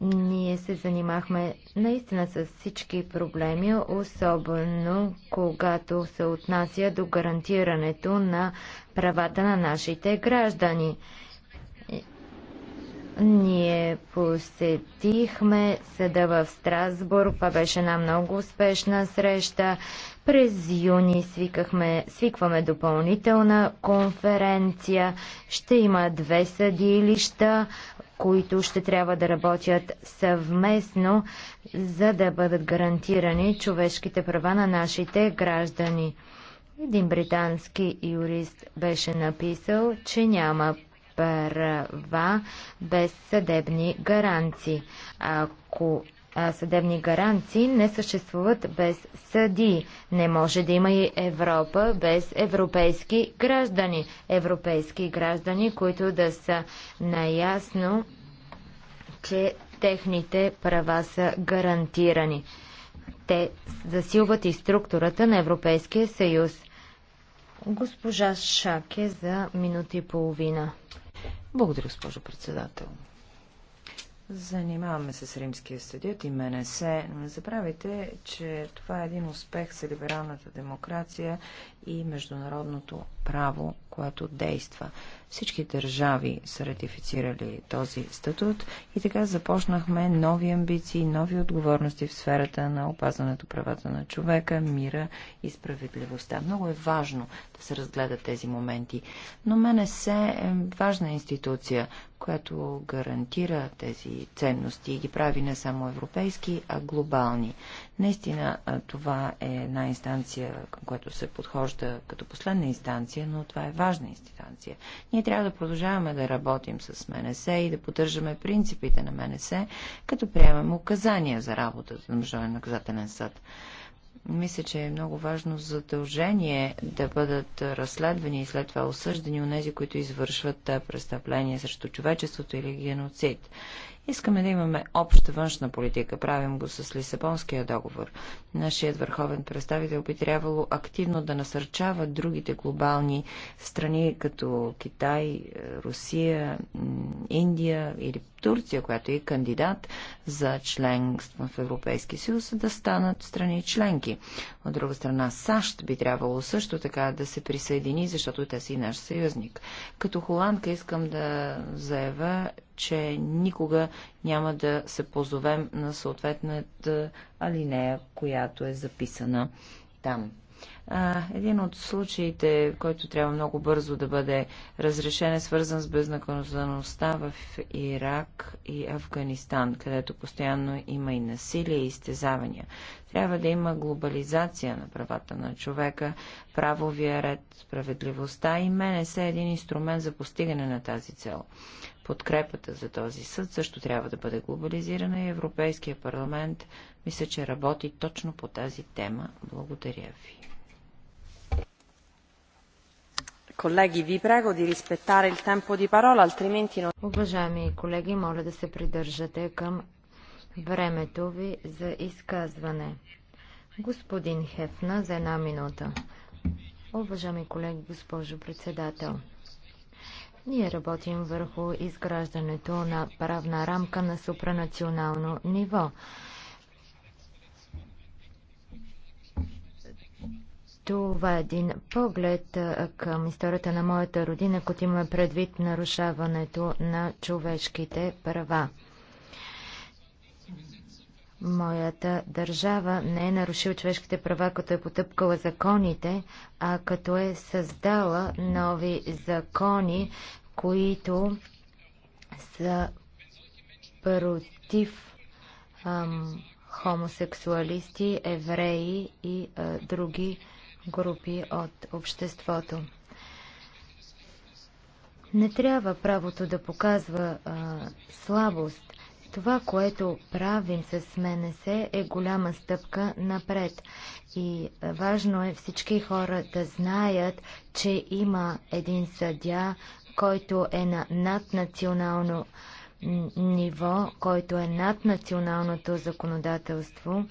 S1: ние се занимахме наистина с всички проблеми, особено когато се отнася до гарантирането на правата на нашите граждани. Ние посетихме съда в Страсбург. Това беше една много успешна среща. През юни свикахме, свикваме допълнителна конференция. Ще има две съдилища, които ще трябва да работят съвместно, за да бъдат гарантирани човешките права на нашите граждани. Един британски юрист беше написал, че няма права без съдебни гаранции. Ако съдебни гаранции не съществуват без съдии. Не може да има и Европа без европейски граждани. Европейски граждани, които да са наясно, че техните права са гарантирани. Те засилват и структурата на Европейския съюз. Госпожа Шаке за минута и половина. Благодаря, госпожо председател.
S4: Занимаваме се с римския съдят и МНС. Не забравяйте, че това е един успех за либералната демокрация и международното право, което действа. Всички държави са ратифицирали този статут и така започнахме нови амбиции, нови отговорности в сферата на опазването правата на човека, мира и справедливостта. Много е важно да се разгледат тези моменти. Но мене се е важна институция, която гарантира тези ценности и ги прави не само европейски, а глобални. Наистина това е една инстанция, към която се подхожда като последна инстанция, но това е важна инстанция. Ние трябва да продължаваме да работим с МНС и да поддържаме принципите на МНС, като приемем указания за работата на Международен наказателен съд мисля, че е много важно задължение да бъдат разследвани и след това осъждани у нези, които извършват престъпления срещу човечеството или геноцид. Искаме да имаме обща външна политика. Правим го с Лисабонския договор. Нашият върховен представител би трябвало активно да насърчава другите глобални страни, като Китай, е, Русия, Индия или Турция, която е кандидат за членство в Европейски съюз, да станат страни членки. От друга страна, САЩ би трябвало също така да се присъедини, защото те и наш съюзник. Като холандка искам да заявя, че никога няма да се позовем на съответната алинея, която е записана там. един от случаите, който трябва много бързо да бъде разрешен, е свързан с безнаказаността в Ирак и Афганистан, където постоянно има и насилие и изтезавания. Трябва да има глобализация на правата на човека, правовия ред, справедливостта и МНС е един инструмент за постигане на тази цел. Подкрепата за този съд също трябва да бъде глобализирана и Европейския парламент мисля, че работи точно по тази тема. Благодаря ви.
S2: Колеги, ви прего да респектаре il tempo di parola, altrimenti
S1: non... Уважаеми колеги, моля да се придържате към времето ви за изказване. Господин Хефна за една минута. Уважаеми колеги, госпожо председател, ние работим върху изграждането на правна рамка на супранационално ниво. Това е един поглед към историята на моята родина, като има предвид нарушаването на човешките права. Моята държава не е нарушила човешките права, като е потъпкала законите, а като е създала нови закони, които са против ам, хомосексуалисти, евреи и а, други групи от обществото. Не трябва правото да показва а, слабост това, което правим с мене се е голяма стъпка напред. И е, важно е всички хора да знаят, че има един съдя, който е на наднационално ниво, който е над националното законодателство.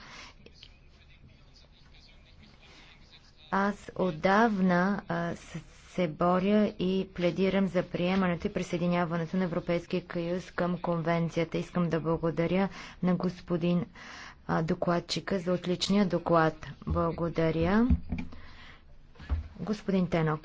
S1: Аз отдавна а, се боря и пледирам за приемането и присъединяването на Европейския съюз към конвенцията. Искам да благодаря на господин докладчика за отличния доклад. Благодаря. Господин Тенок.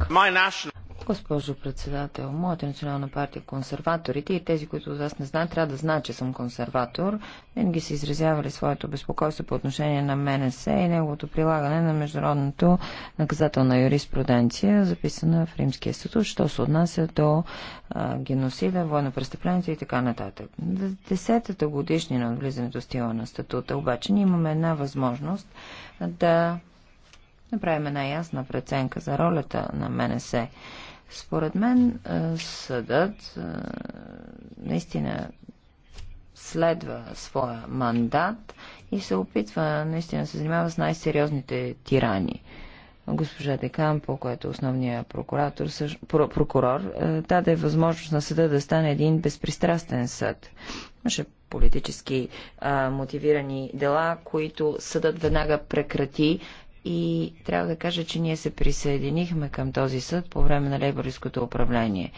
S1: Госпожо председател, моята национална партия, е консерваторите
S4: и тези, които от вас не знаят, трябва да знаят, че съм консерватор. Винаги са изразявали своето безпокойство по отношение на МНС и неговото прилагане на международното наказателна юриспруденция, записана в Римския статут, що се отнася до а, геноцида, военно престъпление и така нататък. Десетата годишнина от влизането стила на статута, обаче ние имаме една възможност да направим една ясна преценка за ролята на МНС според мен съдът наистина следва своя мандат и се опитва наистина да се занимава с най-сериозните тирани. Госпожа Декампо, която е основният прокуратор, прокурор, даде възможност на съда да стане един безпристрастен съд. Имаше политически а, мотивирани дела, които съдът веднага прекрати и трябва да кажа, че ние се присъединихме към този съд по време на лейбористското управление.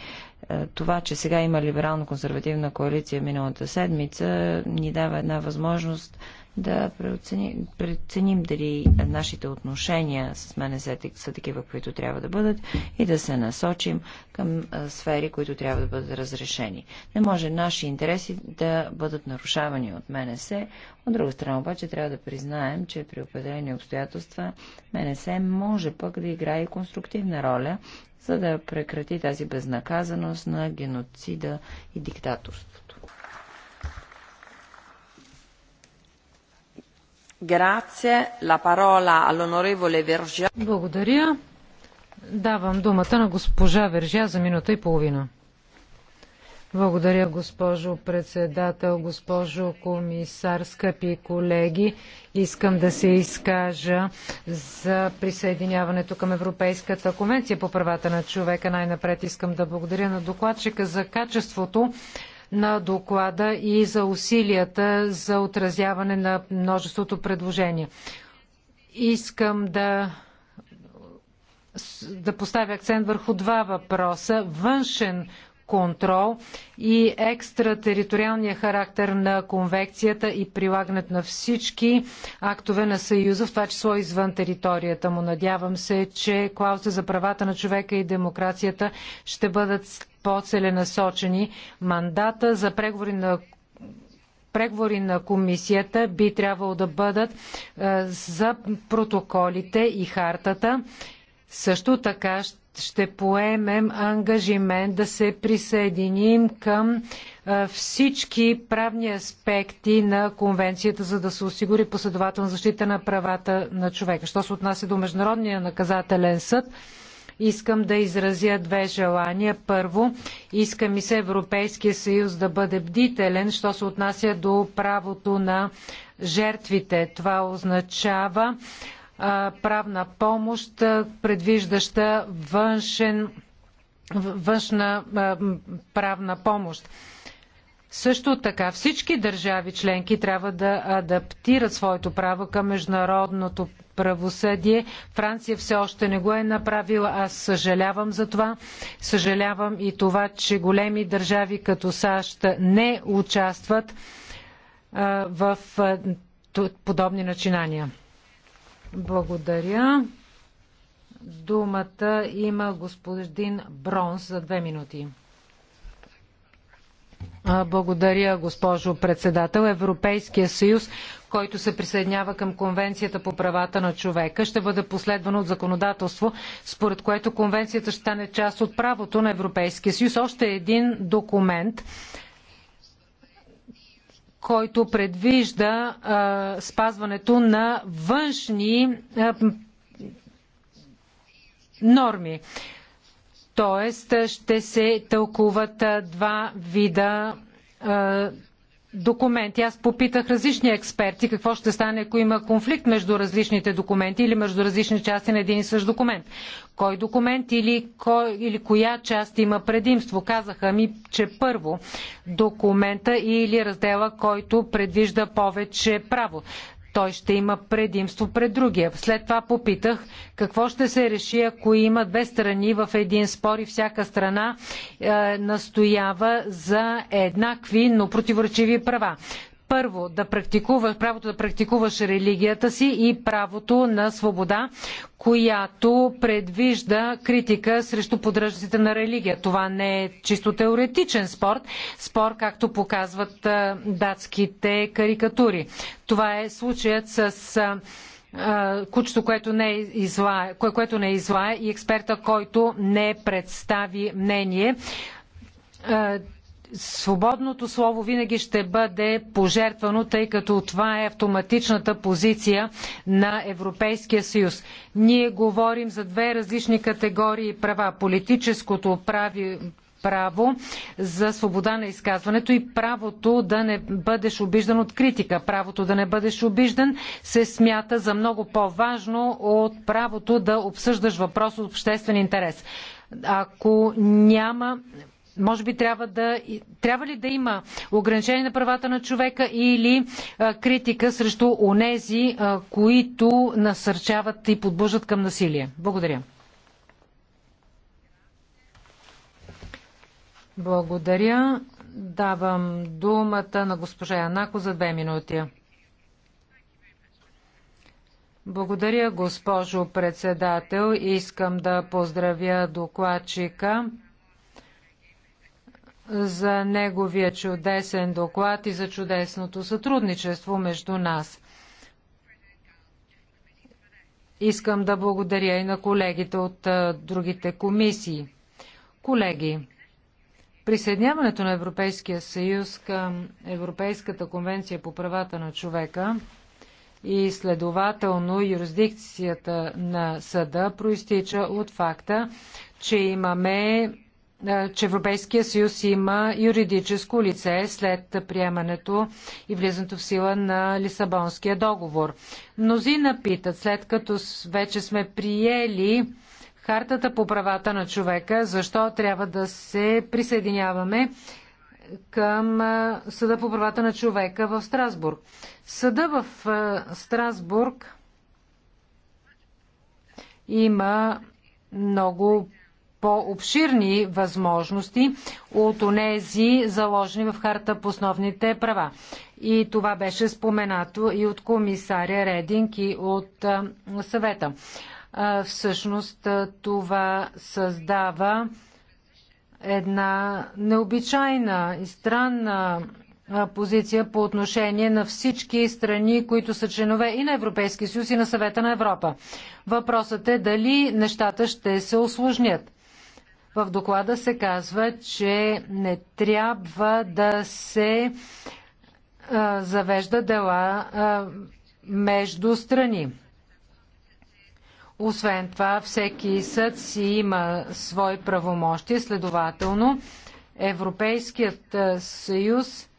S4: Е, това, че сега има либерално-консервативна коалиция миналата седмица, ни дава една възможност да преценим, преоценим дали нашите отношения с мене са такива, които трябва да бъдат и да се насочим към сфери, които трябва да бъдат разрешени. Не може наши интереси да бъдат нарушавани от МНС. От друга страна обаче трябва да признаем, че при определени обстоятелства МНС може пък да играе и конструктивна роля, за да прекрати тази безнаказаност на геноцида и диктаторство.
S2: Благодаря.
S3: Давам думата на госпожа Вержия за минута и половина. Благодаря, госпожо председател, госпожо комисар, скъпи колеги. Искам да се изкажа за присъединяването към Европейската конвенция по правата на човека. Най-напред искам да благодаря на докладчика за качеството на доклада и за усилията за отразяване на множеството предложения. Искам да, да поставя акцент върху два въпроса. Външен контрол и екстратериториалния характер на конвекцията и прилагането на всички актове на Съюза, в това число извън територията му. Надявам се, че клаузите за правата на човека и демокрацията ще бъдат по-целенасочени. Мандата за преговори на преговори на комисията би трябвало да бъдат е, за протоколите и хартата. Също така ще поемем ангажимент да се присъединим към е, всички правни аспекти на конвенцията, за да се осигури последователна защита на правата на човека. Що се отнася до Международния наказателен съд, искам да изразя две желания. Първо, иска ми се Европейския съюз да бъде бдителен, що се отнася до правото на жертвите. Това означава а, правна помощ, предвиждаща външен, външна а, правна помощ също така всички държави членки трябва да адаптират своето право към международното правосъдие. Франция все още не го е направила. Аз съжалявам за това. Съжалявам и това, че големи държави като САЩ не участват в подобни начинания. Благодаря. Думата има господин Бронс за две минути. Благодаря, госпожо председател. Европейския съюз, който се присъединява към Конвенцията по правата на човека, ще бъде последван от законодателство, според което Конвенцията ще стане част от правото на Европейския съюз. Още един документ, който предвижда а, спазването на външни а, норми. Тоест ще се тълкуват два вида документи. Аз попитах различни експерти какво ще стане, ако има конфликт между различните документи или между различни части на един и същ документ. Кой документ или, кой, или коя част има предимство? Казаха ми, че първо документа или раздела, който предвижда повече право той ще има предимство пред другия. След това попитах какво ще се реши, ако има две страни в един спор и всяка страна е, настоява за еднакви, но противоречиви права първо да практикуваш, правото да практикуваш религията си и правото на свобода, която предвижда критика срещу поддръжниците на религия. Това не е чисто теоретичен спор, спор както показват датските карикатури. Това е случаят с кучето, което не, е излая което не е излае и експерта, който не представи мнение свободното слово винаги ще бъде пожертвано, тъй като това е автоматичната позиция на Европейския съюз. Ние говорим за две различни категории права. Политическото прави, право за свобода на изказването и правото да не бъдеш обиждан от критика. Правото да не бъдеш обиждан се смята за много по-важно от правото да обсъждаш въпрос от обществен интерес. Ако няма може би трябва да. Трябва ли да има ограничение на правата на човека или критика срещу онези, които насърчават и подбуждат към насилие? Благодаря. Благодаря. Давам думата на госпожа Янако за две минути. Благодаря, госпожо председател. Искам да поздравя докладчика за неговия чудесен доклад и за чудесното сътрудничество между нас. Искам да благодаря и на колегите от а, другите комисии. Колеги, присъединяването на Европейския съюз към Европейската конвенция по правата на човека и следователно юрисдикцията на съда проистича от факта, че имаме че Европейския съюз има юридическо лице след приемането и влизането в сила на Лисабонския договор. Мнозина питат, след като вече сме приели Хартата по правата на човека, защо трябва да се присъединяваме към Съда по правата на човека в Страсбург. Съда в Страсбург има много по-обширни възможности от онези заложени в харта по основните права. И това беше споменато и от комисаря Рединг и от съвета. Всъщност това създава една необичайна и странна позиция по отношение на всички страни, които са членове и на Европейския съюз и на съвета на Европа. Въпросът е дали нещата ще се осложнят. В доклада се казва, че не трябва да се завежда дела между страни. Освен това, всеки съд си има свои правомощи, следователно Европейският съюз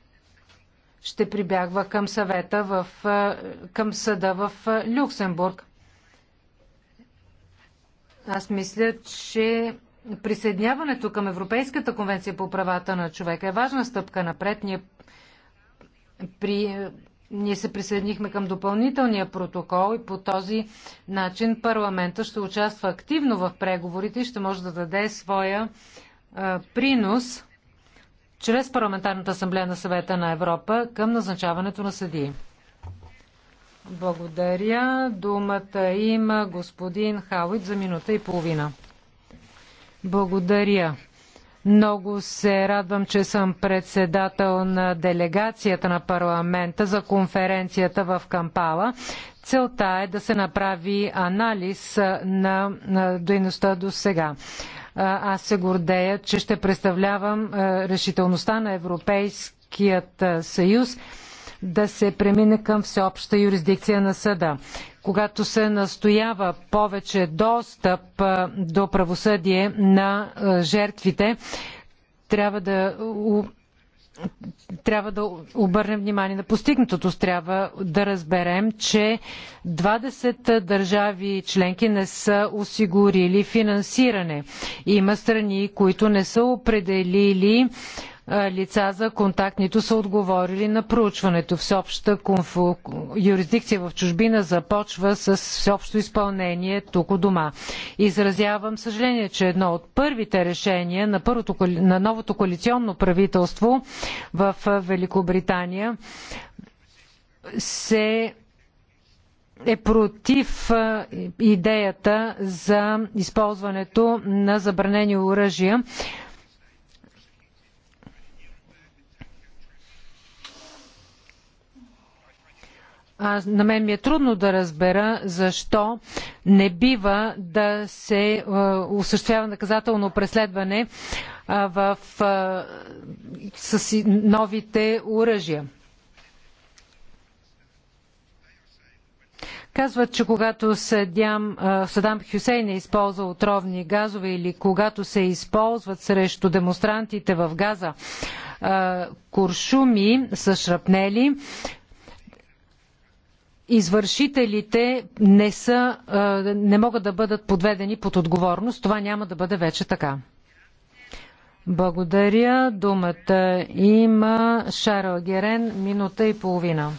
S3: ще прибягва към съвета в, към съда в Люксембург. Аз мисля, че присъединяването към Европейската конвенция по правата на човека е важна стъпка напред. Ние, при, ние се присъединихме към допълнителния протокол и по този начин парламента ще участва активно в преговорите и ще може да даде своя а, принос чрез Парламентарната асамблея на съвета на Европа към назначаването на съдии. Благодаря. Думата има господин Хауит за минута и половина. Благодаря. Много се радвам, че съм председател на делегацията на парламента за конференцията в Кампала. Целта е да се направи анализ на дейността до сега. Аз се гордея, че ще представлявам решителността на Европейският съюз да се премине към всеобща юрисдикция на съда. Когато се настоява повече достъп до правосъдие на жертвите, трябва да трябва да обърнем внимание на постигнатото. Трябва да разберем, че 20 държави членки не са осигурили финансиране. Има страни, които не са определили лица за контакт, нито са отговорили на проучването. Всеобща конфу... юрисдикция в чужбина започва с всеобщо изпълнение тук у дома. Изразявам съжаление, че едно от първите решения на, първото, на новото коалиционно правителство в Великобритания се е против идеята за използването на забранени оръжия а, на мен ми е трудно да разбера защо не бива да се осъществява наказателно преследване в, с новите оръжия. Казват, че когато Садям, Садам Хюсейн е използвал отровни газове или когато се използват срещу демонстрантите в Газа куршуми с шрапнели, извършителите не, са, не могат да бъдат подведени под отговорност. Това няма да бъде вече така. Благодаря. Думата има Шарл Герен. Минута и половина.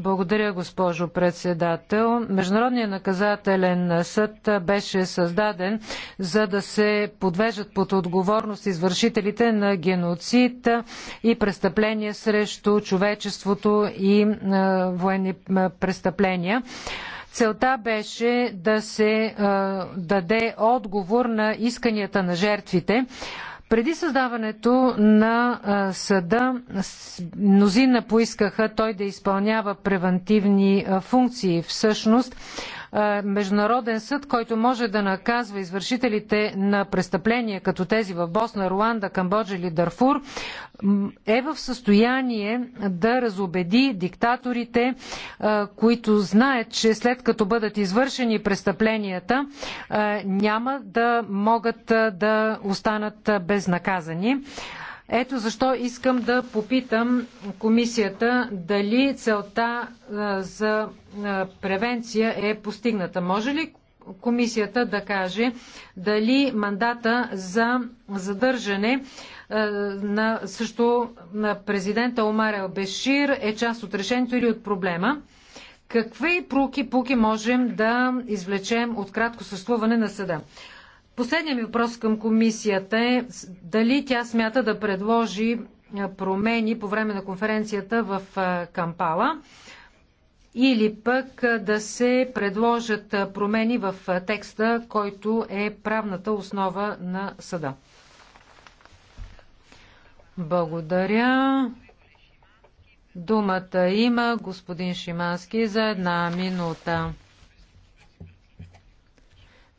S3: Благодаря, госпожо председател. Международният наказателен съд беше създаден за да се подвежат под отговорност извършителите на геноцид и престъпления срещу човечеството и е, военни е, престъпления. Целта беше да се е, даде отговор на исканията на жертвите преди създаването на съда, мнозина поискаха той да изпълнява превентивни функции. Всъщност, е, международен съд, който може да наказва извършителите на престъпления, като тези в Босна, Руанда, Камбоджа или Дарфур, е в състояние да разобеди диктаторите, е, които знаят, че след като бъдат извършени престъпленията, е, няма да могат да останат безнаказани. Ето защо искам да попитам комисията дали целта за превенция е постигната. Може ли комисията да каже дали мандата за задържане на също на президента Омар Елбешир е част от решението или от проблема? Какви пруки-пуки можем да извлечем от кратко съществуване на съда? Последният ми въпрос към комисията е дали тя смята да предложи е, промени по време на конференцията в е, Кампала или пък е, да се предложат промени в текста, който е правната основа на съда. Благодаря. Думата има господин Шимански за една минута.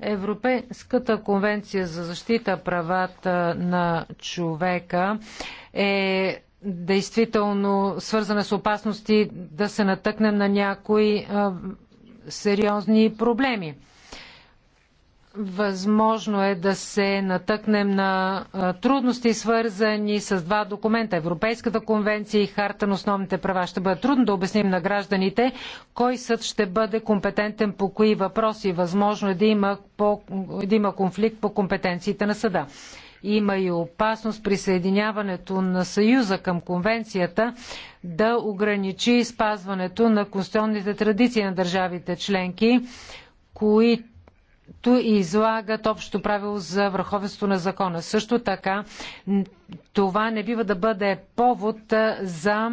S3: Европейската конвенция за защита правата на човека е действително свързана с опасности да се натъкнем на някои сериозни проблеми. Възможно е да се натъкнем на трудности, свързани с два документа Европейската конвенция и Харта на основните права. Ще бъде трудно да обясним на гражданите кой съд ще бъде компетентен по кои въпроси. Възможно е да има, по, да има конфликт по компетенциите на съда. Има и опасност присъединяването на Съюза към конвенцията да ограничи спазването на конституционните традиции на държавите членки, които и излагат общо правило за върховенство на закона. Също така, това не бива да бъде повод за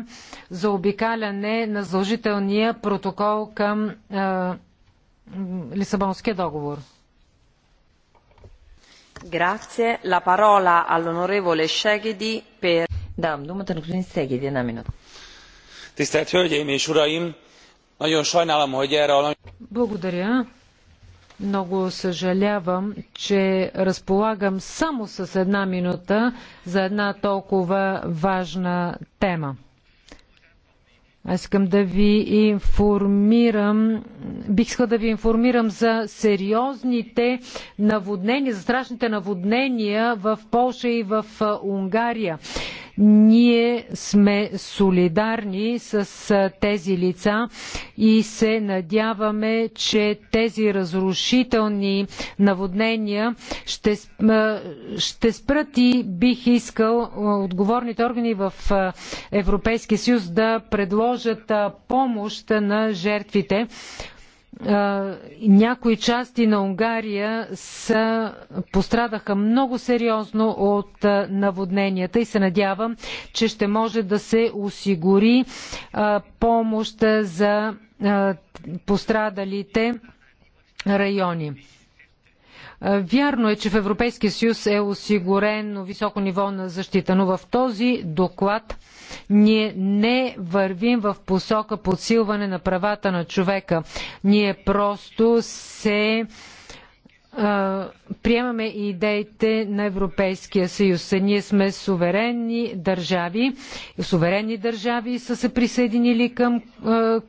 S3: заобикаляне на задължителния протокол към е, Лисабонския договор.
S2: Grazie. La parola all'onorevole per... Давам
S3: думата на господин Сегеди, една минута. Благодаря. Много съжалявам, че разполагам само с една минута за една толкова важна тема. Аз искам да ви информирам, бих искал да ви информирам за сериозните наводнения, за страшните наводнения в Польша и в Унгария. Ние сме солидарни с тези лица и се надяваме, че тези разрушителни наводнения ще, ще спрат и бих искал отговорните органи в Европейския съюз да предложат помощ на жертвите някои части на Унгария са, пострадаха много сериозно от наводненията и се надявам, че ще може да се осигури помощ за пострадалите райони. Вярно е, че в Европейския съюз е осигурено високо ниво на защита, но в този доклад ние не вървим в посока подсилване на правата на човека. Ние просто се приемаме идеите на Европейския съюз. Ние сме суверенни държави. Суверенни държави са се присъединили към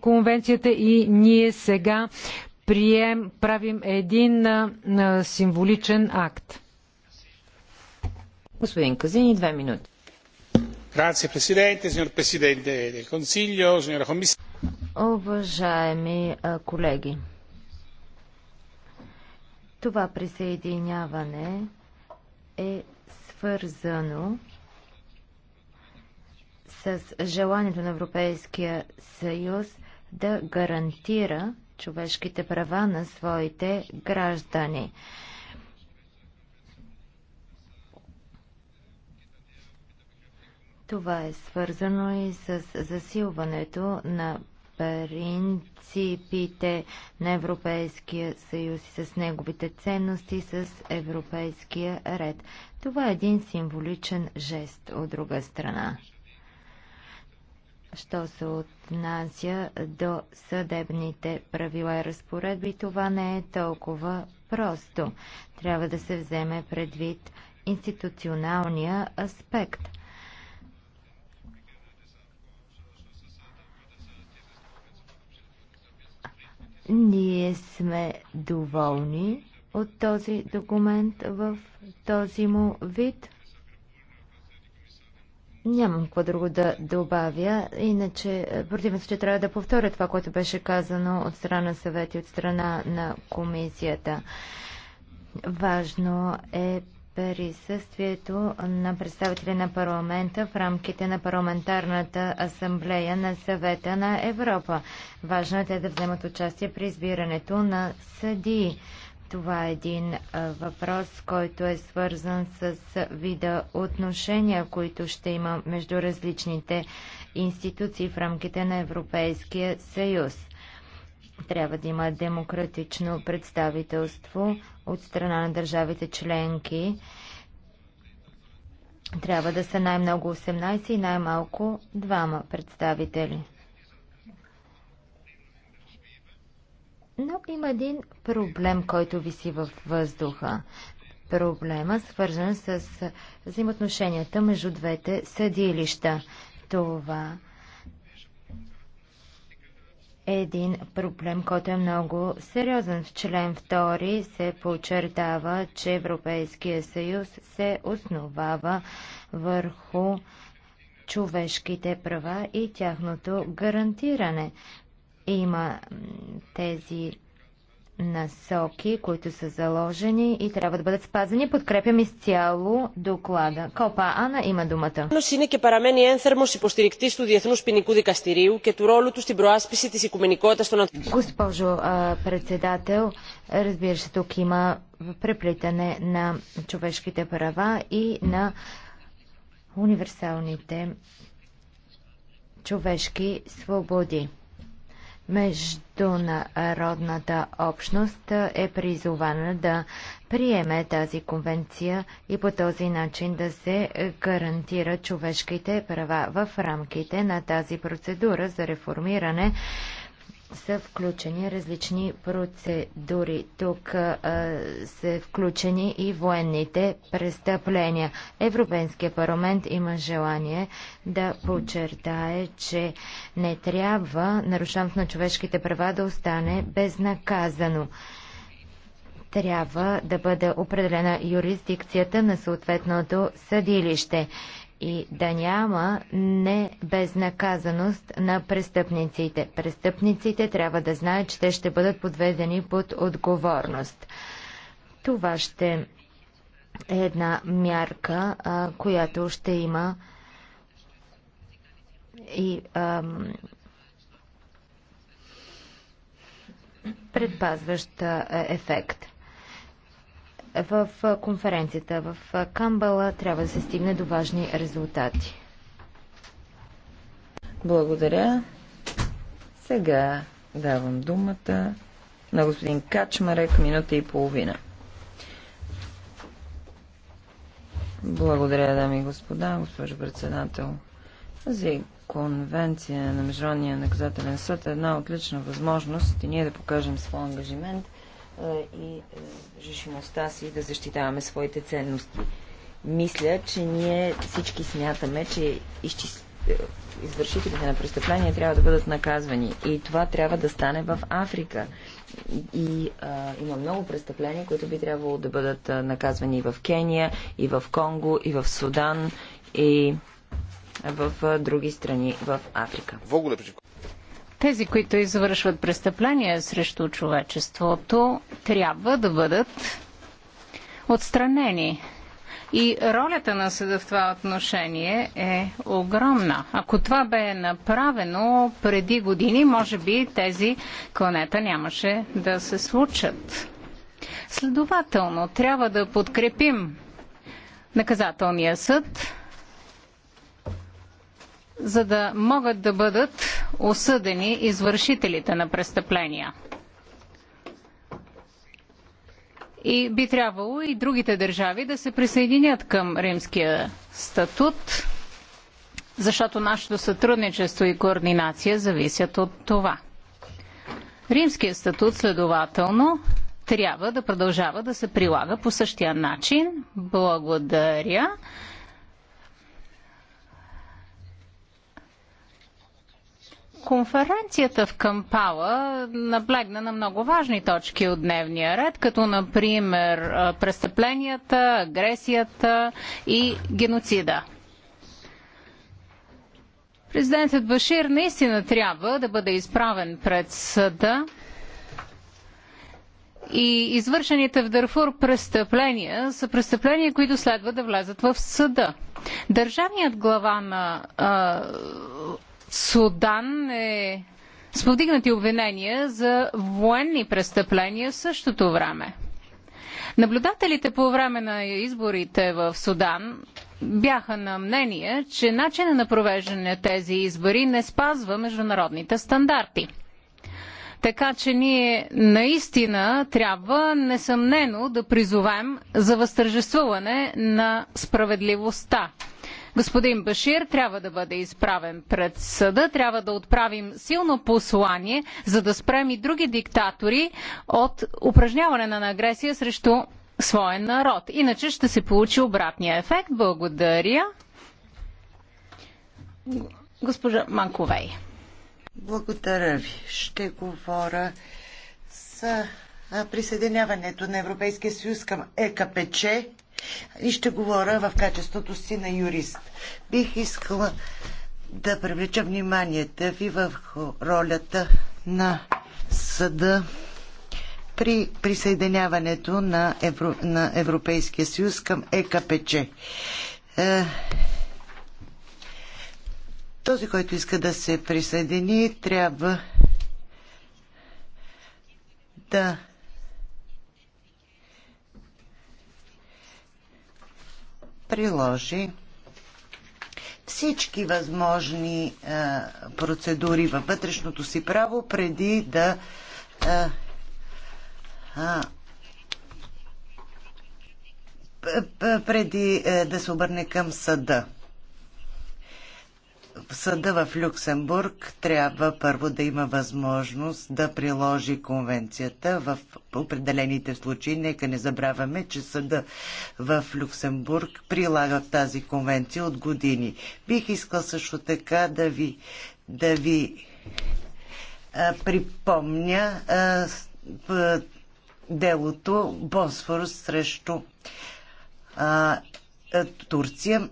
S3: конвенцията и ние сега прием, правим един а, а, символичен
S4: акт. Господин Казини, две минути.
S6: Grazie Presidente, signor Presidente del Consiglio, signora Commissaria.
S1: Уважаеми а, колеги, това присъединяване е свързано с желанието на Европейския съюз да гарантира човешките права на своите граждани. Това е свързано и с засилването на принципите на Европейския съюз и с неговите ценности, с европейския ред. Това е един символичен жест от друга страна. Що се отнася до съдебните правила и разпоредби, това не е толкова просто. Трябва да се вземе предвид институционалния аспект. Ние сме доволни от този документ в този му вид – Нямам какво друго да добавя, иначе е, противно се, случай трябва да повторя това, което беше казано от страна на съвет и от страна на комисията. Важно е присъствието на представители на парламента в рамките на парламентарната асамблея на съвета на Европа. Важно е те да вземат участие при избирането на съдии. Това е един въпрос, който е свързан с вида отношения, които ще има между различните институции в рамките на Европейския съюз. Трябва да има демократично представителство от страна на държавите членки. Трябва да са най-много 18 и най-малко двама представители. Но има един проблем, който виси във въздуха. Проблема свързан с взаимоотношенията между двете съдилища. Това е един проблем, който е много сериозен. В член 2 се подчертава, че Европейския съюз се основава върху човешките права и тяхното гарантиране. Има тези насоки, които са заложени и трябва да бъдат спазени. Подкрепям изцяло доклада. Копа Ана има думата.
S2: είναι και παραμένει ένθερμος υποστηρικτής του Διεθνούς Ποινικού Δικαστηρίου και του ρόλου του στην προάσπιση της οικουμενικότητας των ανθρώπων.
S1: Госпожо председател, разбира се, тук има преплитане на човешките права и на универсалните човешки свободи. Международната общност е призована да приеме тази конвенция и по този начин да се гарантира човешките права в рамките на тази процедура за реформиране са включени различни процедури. Тук а, са включени и военните престъпления. Европейския парламент има желание да подчертае, че не трябва нарушаването на човешките права да остане безнаказано. Трябва да бъде определена юрисдикцията на съответното съдилище и да няма не безнаказаност на престъпниците. Престъпниците трябва да знаят, че те ще бъдат подведени под отговорност. Това ще е една мярка, а, която ще има и ам, предпазваща ефект в конференцията в Камбала трябва да се стигне до важни резултати. Благодаря. Сега
S4: давам думата на господин Качмарек минута и половина. Благодаря, дами и господа, госпожо председател. Тази конвенция на Международния наказателен съд е една отлична възможност и ние да покажем своя ангажимент и е, решимостта си да защитаваме своите ценности. Мисля, че ние всички смятаме, че изчис... Е, извършителите на престъпления трябва да бъдат наказвани. И това трябва да стане в Африка. И а, има много престъпления, които би трябвало да бъдат наказвани и в Кения, и в Конго, и в Судан, и в други страни в Африка.
S7: Тези, които извършват престъпления срещу човечеството, трябва да бъдат отстранени. И ролята на съда в това отношение е огромна. Ако това бе направено преди години, може би тези кланета нямаше да се случат. Следователно, трябва да подкрепим наказателния съд, за да могат да бъдат осъдени извършителите на престъпления. И би трябвало и другите държави да се присъединят към римския статут, защото нашето сътрудничество и координация зависят от това. Римският статут, следователно, трябва да продължава да се прилага по същия начин. Благодаря. Конференцията в Кампала наблегна на много важни точки от дневния ред, като например престъпленията, агресията и геноцида. Президентът Башир наистина трябва да бъде изправен пред съда и извършените в Дарфур престъпления са престъпления, които следва да влязат в съда. Държавният глава на а, Судан е с повдигнати обвинения за военни престъпления в същото време. Наблюдателите по време на изборите в Судан бяха на мнение, че начина на провеждане на тези избори не спазва международните стандарти. Така че ние наистина трябва несъмнено да призовем за възтържествуване на справедливостта Господин Башир трябва да бъде изправен пред съда, трябва да отправим силно послание, за да спрем и други диктатори от упражняване на агресия срещу своя народ. Иначе ще се получи обратния ефект. Благодаря. Госпожа Манковей.
S5: Благодаря ви. Ще говоря за присъединяването на Европейския съюз към ЕКПЧ и ще говоря в качеството си на юрист. Бих искала да привлеча вниманието ви в ролята на съда при присъединяването на, Евро, на Европейския съюз към ЕКПЧ. Е, този, който иска да се присъедини, трябва да приложи всички възможни е, процедури във вътрешното си право преди да е, преди е, да се обърне към съда съда в Люксембург трябва първо да има възможност да приложи конвенцията в определените случаи. Нека не забравяме, че съда в Люксембург прилага тази конвенция от години. Бих искал също така да ви, да ви а, припомня а, а, делото Босфорус срещу а, Турция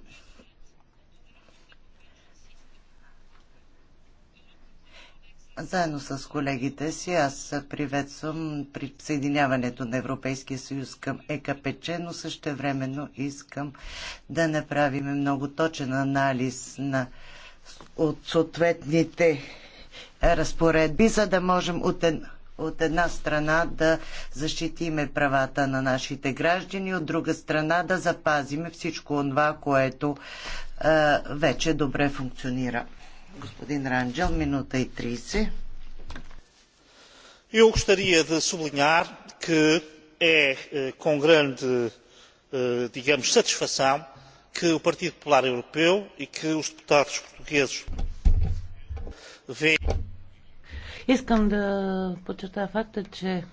S5: Заедно с колегите си аз приветствам присъединяването на Европейския съюз към ЕКПЧ, но също времено искам да направим много точен анализ на, от съответните разпоредби, за да можем от, ен, от една страна да защитиме правата на нашите граждани, от друга страна да запазиме всичко това, което е, вече добре функционира. Господин Ранджел, минута и 30.
S6: Eu gostaria de sublinhar que é com grande,
S3: digamos, satisfação que o Partido Popular Europeu e que os deputados
S7: portugueses veem.
S6: Искам да подчертая факта, че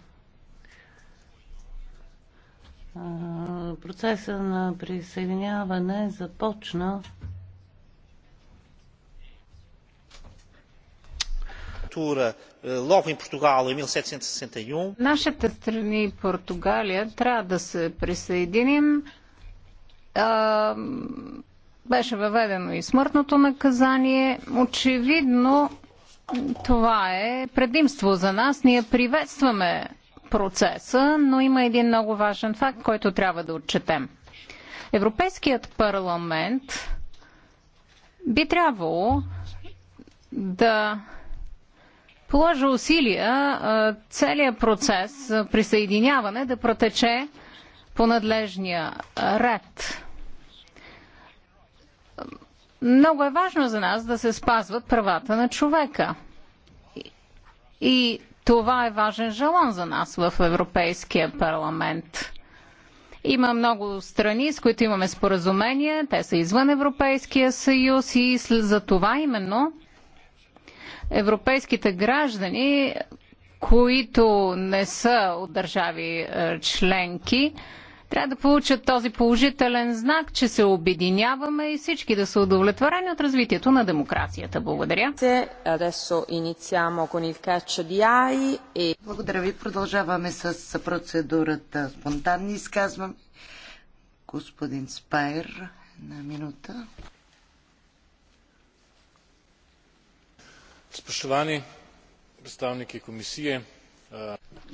S6: процеса на присъединяване започна
S3: abertura logo em Portugal em
S7: 1761. Португалия трябва да се присъединим. А, беше въведено и смъртното наказание. Очевидно това е предимство за нас. Ние приветстваме процеса, но има един много важен факт, който трябва да отчетем. Европейският парламент би трябвало да положа усилия целият процес за присъединяване да протече по надлежния ред. Много е важно за нас да се спазват правата на човека. И това е важен желан за нас в Европейския парламент. Има много страни, с които имаме споразумения, те са извън Европейския съюз и за това именно европейските граждани, които не са от държави е, членки, трябва да получат този положителен знак, че се обединяваме и всички да са удовлетворени от развитието на демокрацията. Благодаря. E-
S3: Благодаря
S5: ви. Продължаваме с процедурата спонтанни изказвам. Господин Спайер, една минута.
S4: Spoštovani predstavniki komisije.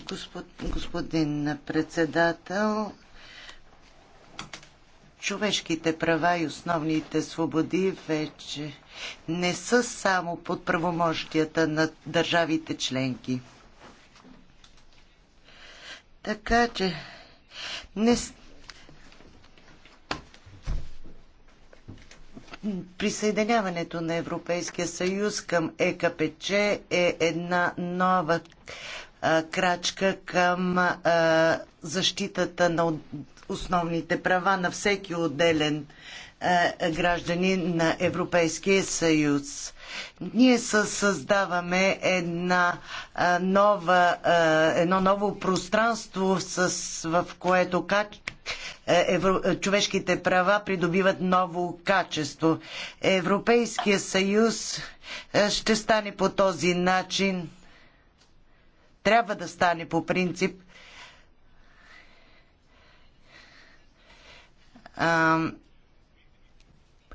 S5: Господ, господин председател, човешките права и основните свободи вече не са само под правомощията на държавите членки. Така че не, Присъединяването на Европейския съюз към ЕКПЧ е една нова а, крачка към а, защитата на основните права на всеки отделен а, гражданин на Европейския съюз. Ние създаваме една нова, едно ново пространство, с, в което как е, евро... Е, човешките права придобиват ново качество. Европейския съюз е, ще стане по този начин, трябва да стане по принцип,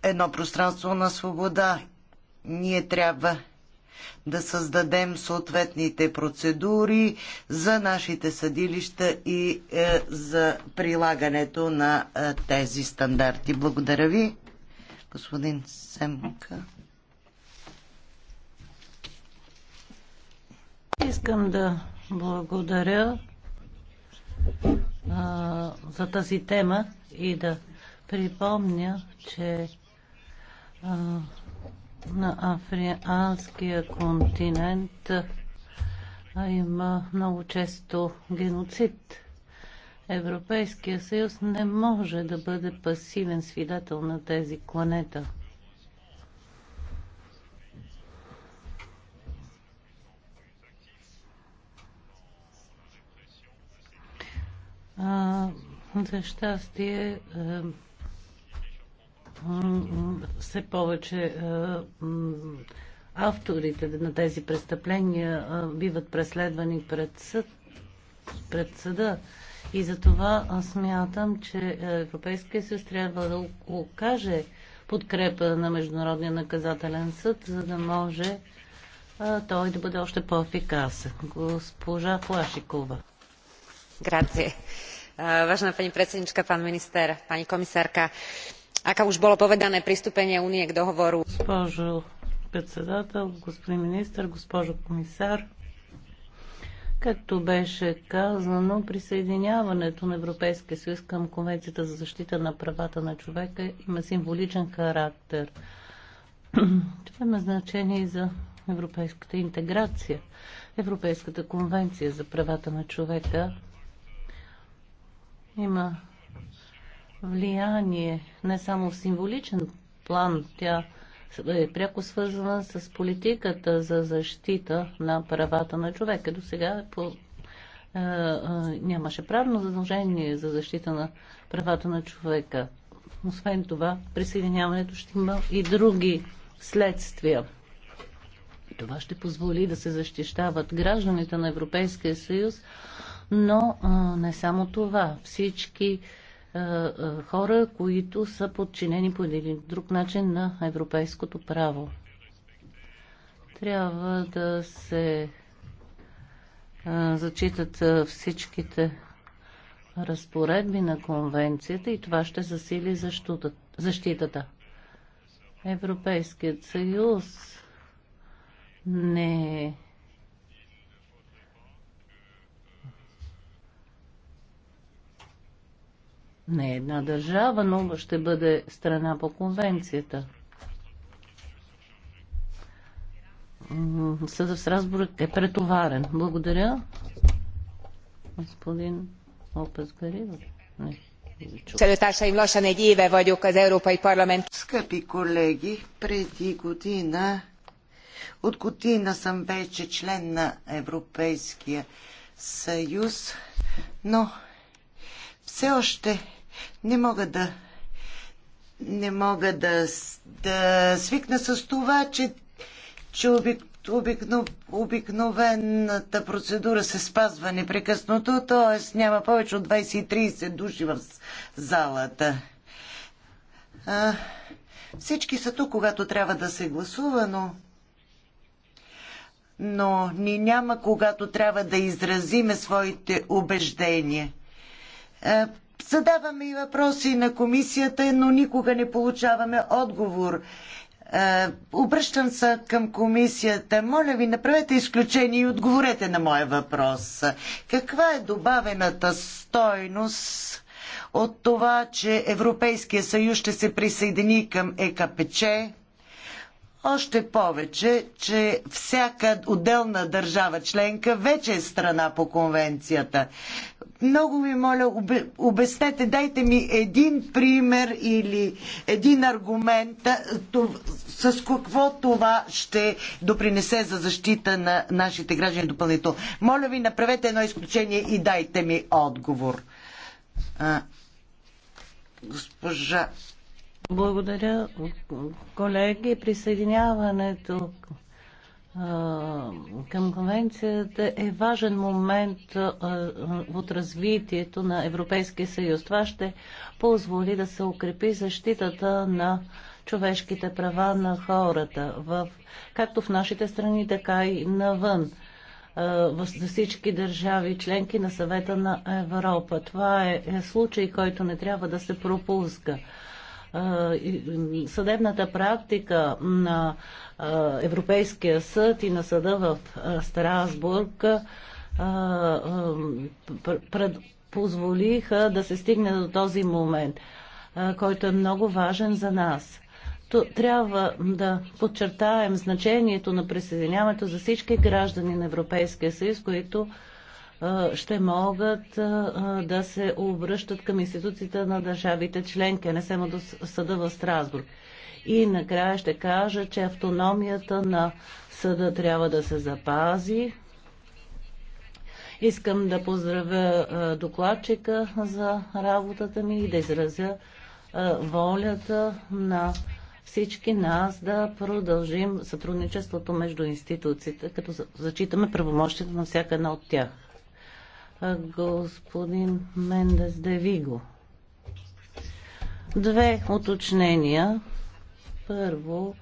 S5: едно пространство на свобода. Ние трябва да създадем съответните процедури за нашите съдилища и е, за прилагането на е, тези стандарти. Благодаря ви, господин Семка. Искам да
S6: благодаря а, за тази тема и да припомня, че на африканския континент има много често геноцид. Европейския съюз не може да бъде пасивен свидетел на тези планета. за щастие, е, все повече е, авторите на тези престъпления е, биват преследвани пред съд, пред съда. И за това смятам, че Европейския съюз трябва да окаже подкрепа на Международния наказателен съд, за да може е, той да бъде още по-ефикасен. Госпожа Флашикова.
S3: Грация. Важна пани председничка, пан министър, пани комисарка. Ако уж било поведане приступение Уния к договору. Госпожо
S6: председател, господин министр, госпожо комисар, Както беше казано, присъединяването на Европейския съюз към Конвенцията за защита на правата на човека има символичен характер. Това има значение и за европейската интеграция. Европейската конвенция за правата на човека има влияние не само в символичен план, тя е пряко свързана с политиката за защита на правата на човека. До сега е по, е, е, нямаше правно задължение за защита на правата на човека. Освен това, присъединяването ще има и други следствия. Това ще позволи да се защищават гражданите на Европейския съюз, но не само това. Всички е, е, хора, които са подчинени по един или друг начин на европейското право. Трябва да се е, зачитат всичките разпоредби на конвенцията и това ще засили защитата. Европейският съюз не не една държава, но ще бъде страна по конвенцията. Съда с разборът е претоварен. Благодаря. Господин Лопес Гаридов. Képviselőtársaim,
S7: lassan egy éve vagyok Европа и парламент. Скъпи
S5: колеги, преди година, от година съм вече член на Европейския съюз, но все още не мога да не мога да, да свикна с това, че, че обик, обикно, обикновената процедура се спазва непрекъснато, т.е. няма повече от 20-30 души в залата. А, всички са тук, когато трябва да се гласува, но но ни няма, когато трябва да изразиме своите убеждения. Е, задаваме и въпроси на комисията, но никога не получаваме отговор. Е, обръщам се към комисията. Моля ви, направете изключение и отговорете на моя въпрос. Каква е добавената стойност от това, че Европейския съюз ще се присъедини към ЕКПЧ? Още повече, че всяка отделна държава членка вече е страна по конвенцията. Много ви моля, обяснете, дайте ми един пример или един аргумент с какво това ще допринесе за защита на нашите граждани допълнително. Моля ви, направете едно изключение и дайте ми отговор. А, госпожа.
S6: Благодаря,
S5: колеги.
S6: Присъединяването към конвенцията е важен момент от развитието на Европейския съюз. Това ще позволи да се укрепи защитата на човешките права на хората, в, както в нашите страни, така и навън, в всички държави, членки на съвета на Европа. Това е, е случай, който не трябва да се пропуска съдебната практика на Европейския съд и на съда в Страсбург позволиха да се стигне до този момент, който е много важен за нас. Трябва да подчертаем значението на присъединяването за всички граждани на Европейския съюз, които ще могат да се обръщат към институцията на държавите членки, а не само до съда в Страсбург. И накрая ще кажа, че автономията на съда трябва да се запази. Искам да поздравя докладчика за работата ми и да изразя волята на всички нас да продължим сътрудничеството между институциите, като зачитаме правомощите на всяка една от тях. Господин Мендес Девиго. Две уточнения. Първо,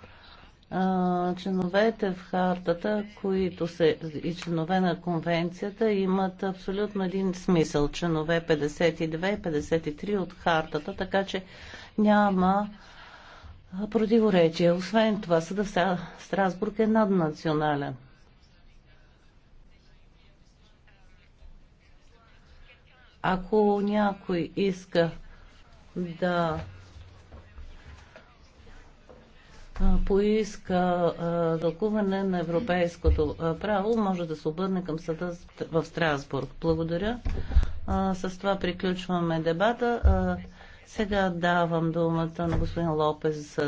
S6: членовете в хартата, които се и членове на конвенцията, имат абсолютно един смисъл. Членове 52 и 53 от хартата, така че няма противоречие. Освен това, съда вся, Страсбург е наднационален. Ако някой иска да поиска тълкуване на европейското право, може да се обърне към съда в Страсбург. Благодаря. С това приключваме дебата. Сега давам думата на господин Лопес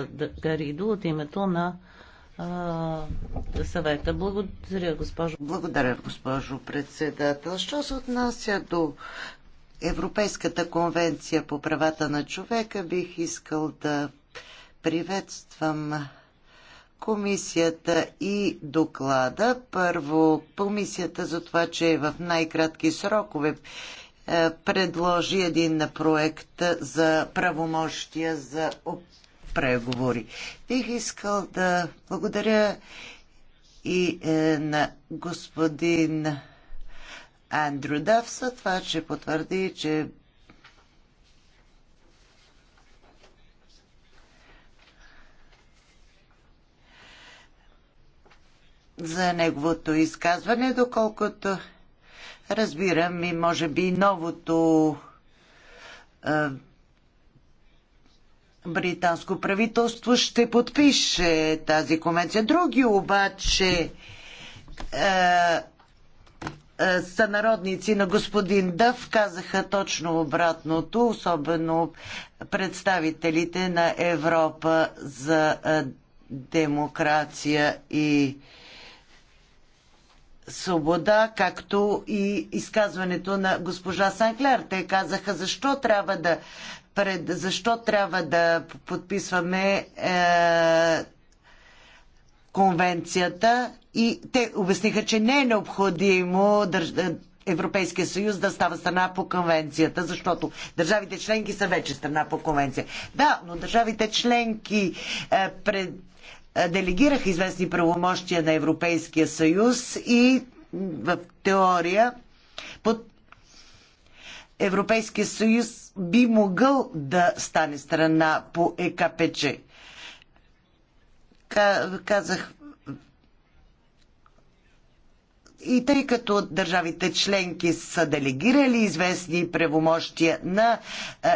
S6: Гаридо от името на съвета.
S5: Благодаря,
S6: госпожо. Благодаря,
S5: госпожо председател. Що се отнася до Европейската конвенция по правата на човека, бих искал да приветствам комисията и доклада. Първо, комисията за това, че в най-кратки срокове е, предложи един проект за правомощия за преговори. Бих искал да благодаря и е, на господин Андрю Давса, това, че потвърди, че за неговото изказване, доколкото разбирам и може би новото а, британско правителство ще подпише тази конвенция. Други обаче а, а, сънародници на господин Дъв казаха точно обратното, особено представителите на Европа за демокрация и свобода, както и изказването на госпожа Санклер. Те казаха защо трябва да, пред, защо трябва да подписваме е, конвенцията и те обясниха, че не е необходимо е, Европейския съюз да става страна по конвенцията, защото държавите членки са вече страна по конвенция. Да, но държавите членки е, пред делегирах известни правомощия на Европейския съюз и в теория под Европейския съюз би могъл да стане страна по ЕКПЧ. Казах, и тъй като държавите членки са делегирали известни правомощия на е,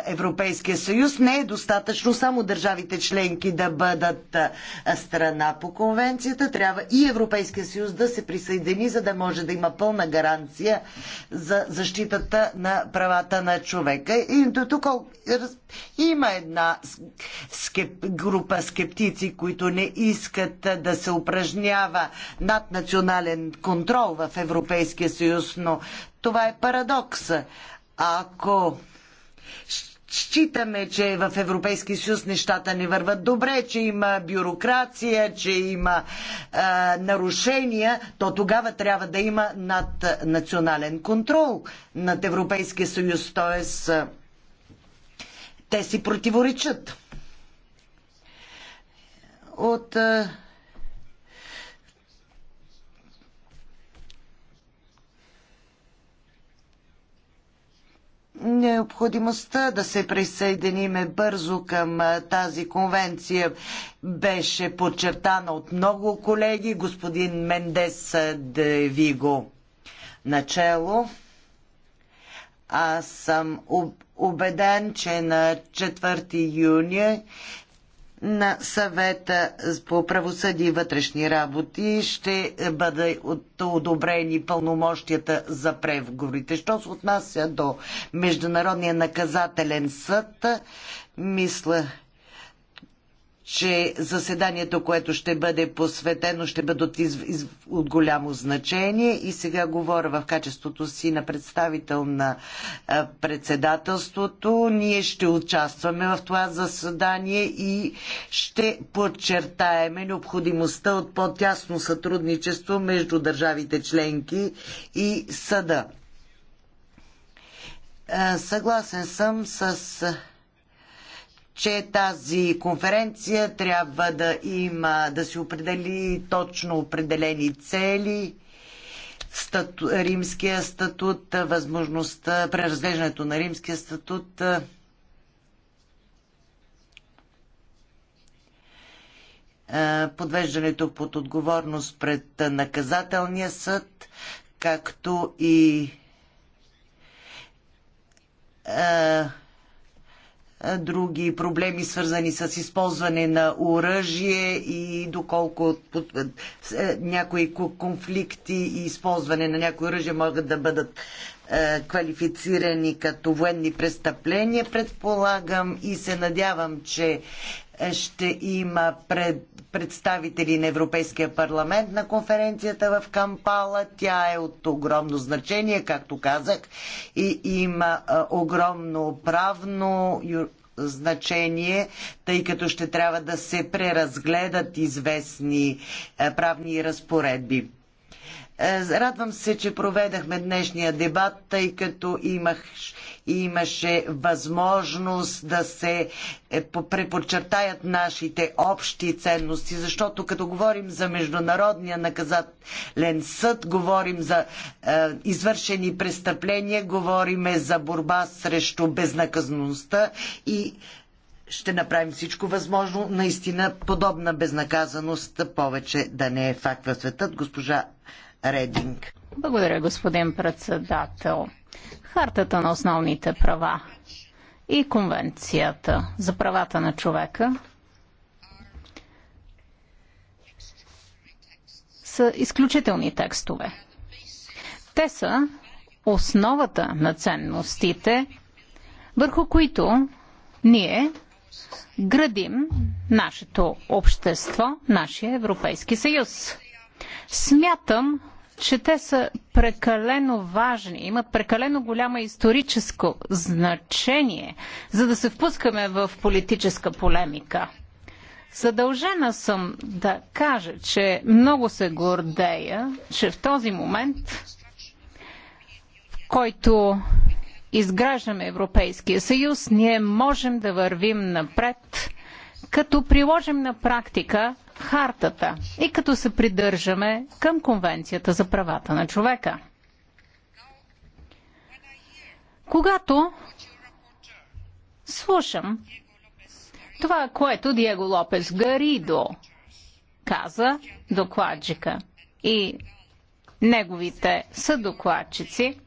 S5: Европейския съюз, не е достатъчно само държавите членки да бъдат е, страна по конвенцията, трябва и Европейския съюз да се присъедини, за да може да има пълна гаранция за защитата на правата на човека. И до тук има една скеп... група скептици, които не искат да се упражнява наднационален контрол в Европейския съюз, но това е парадокс. Ако считаме, че в Европейския съюз нещата не върват добре, че има бюрокрация, че има е, нарушения, то тогава трябва да има над национален контрол над Европейския съюз, т.е. те си противоречат. От е, Необходимостта да се присъединиме бързо към тази конвенция беше подчертана от много колеги, господин Мендес Виго начело. Аз съм убеден, че на 4 юни на съвета по правосъдие и вътрешни работи ще бъде одобрени пълномощията за преговорите. Що се отнася до Международния наказателен съд, мисля, че заседанието, което ще бъде посветено, ще бъде от, из, из, от голямо значение. И сега говоря в качеството си на представител на а, председателството. Ние ще участваме в това заседание и ще подчертаеме необходимостта от по-тясно сътрудничество между държавите членки и съда. А, съгласен съм с че тази конференция трябва да има, да си определи точно определени цели, стату, римския статут, възможността, преразглеждането на римския статут. подвеждането под отговорност пред наказателния съд, както и други проблеми, свързани с използване на оръжие и доколко някои конфликти и използване на някои оръжия могат да бъдат квалифицирани като военни престъпления, предполагам и се надявам, че ще има пред представители на Европейския парламент на конференцията в Кампала. Тя е от огромно значение, както казах, и има огромно правно значение, тъй като ще трябва да се преразгледат известни правни разпоредби. Е, радвам се, че проведахме днешния дебат, тъй като имах имаше възможност да се е, преподчертаят нашите общи ценности, защото като говорим за Международния наказателен съд, говорим за е, извършени престъпления, говорим за борба срещу безнаказаността и ще направим всичко възможно наистина подобна безнаказаност повече
S7: да не е факт в света. Госпожа Рединг. Благодаря, господин председател. Хартата на основните права и Конвенцията за правата на човека са изключителни текстове. Те са основата на ценностите, върху които ние градим нашето общество, нашия Европейски съюз. Смятам, че те са прекалено важни, имат прекалено голямо историческо значение, за да се впускаме в политическа полемика. Съдължена съм да кажа, че много се гордея, че в този момент, в който изграждаме Европейския съюз, ние можем да вървим напред като приложим на практика хартата и като се придържаме към Конвенцията за правата на човека. Когато слушам това, което Диего Лопес Гаридо каза, докладчика и неговите съдокладчици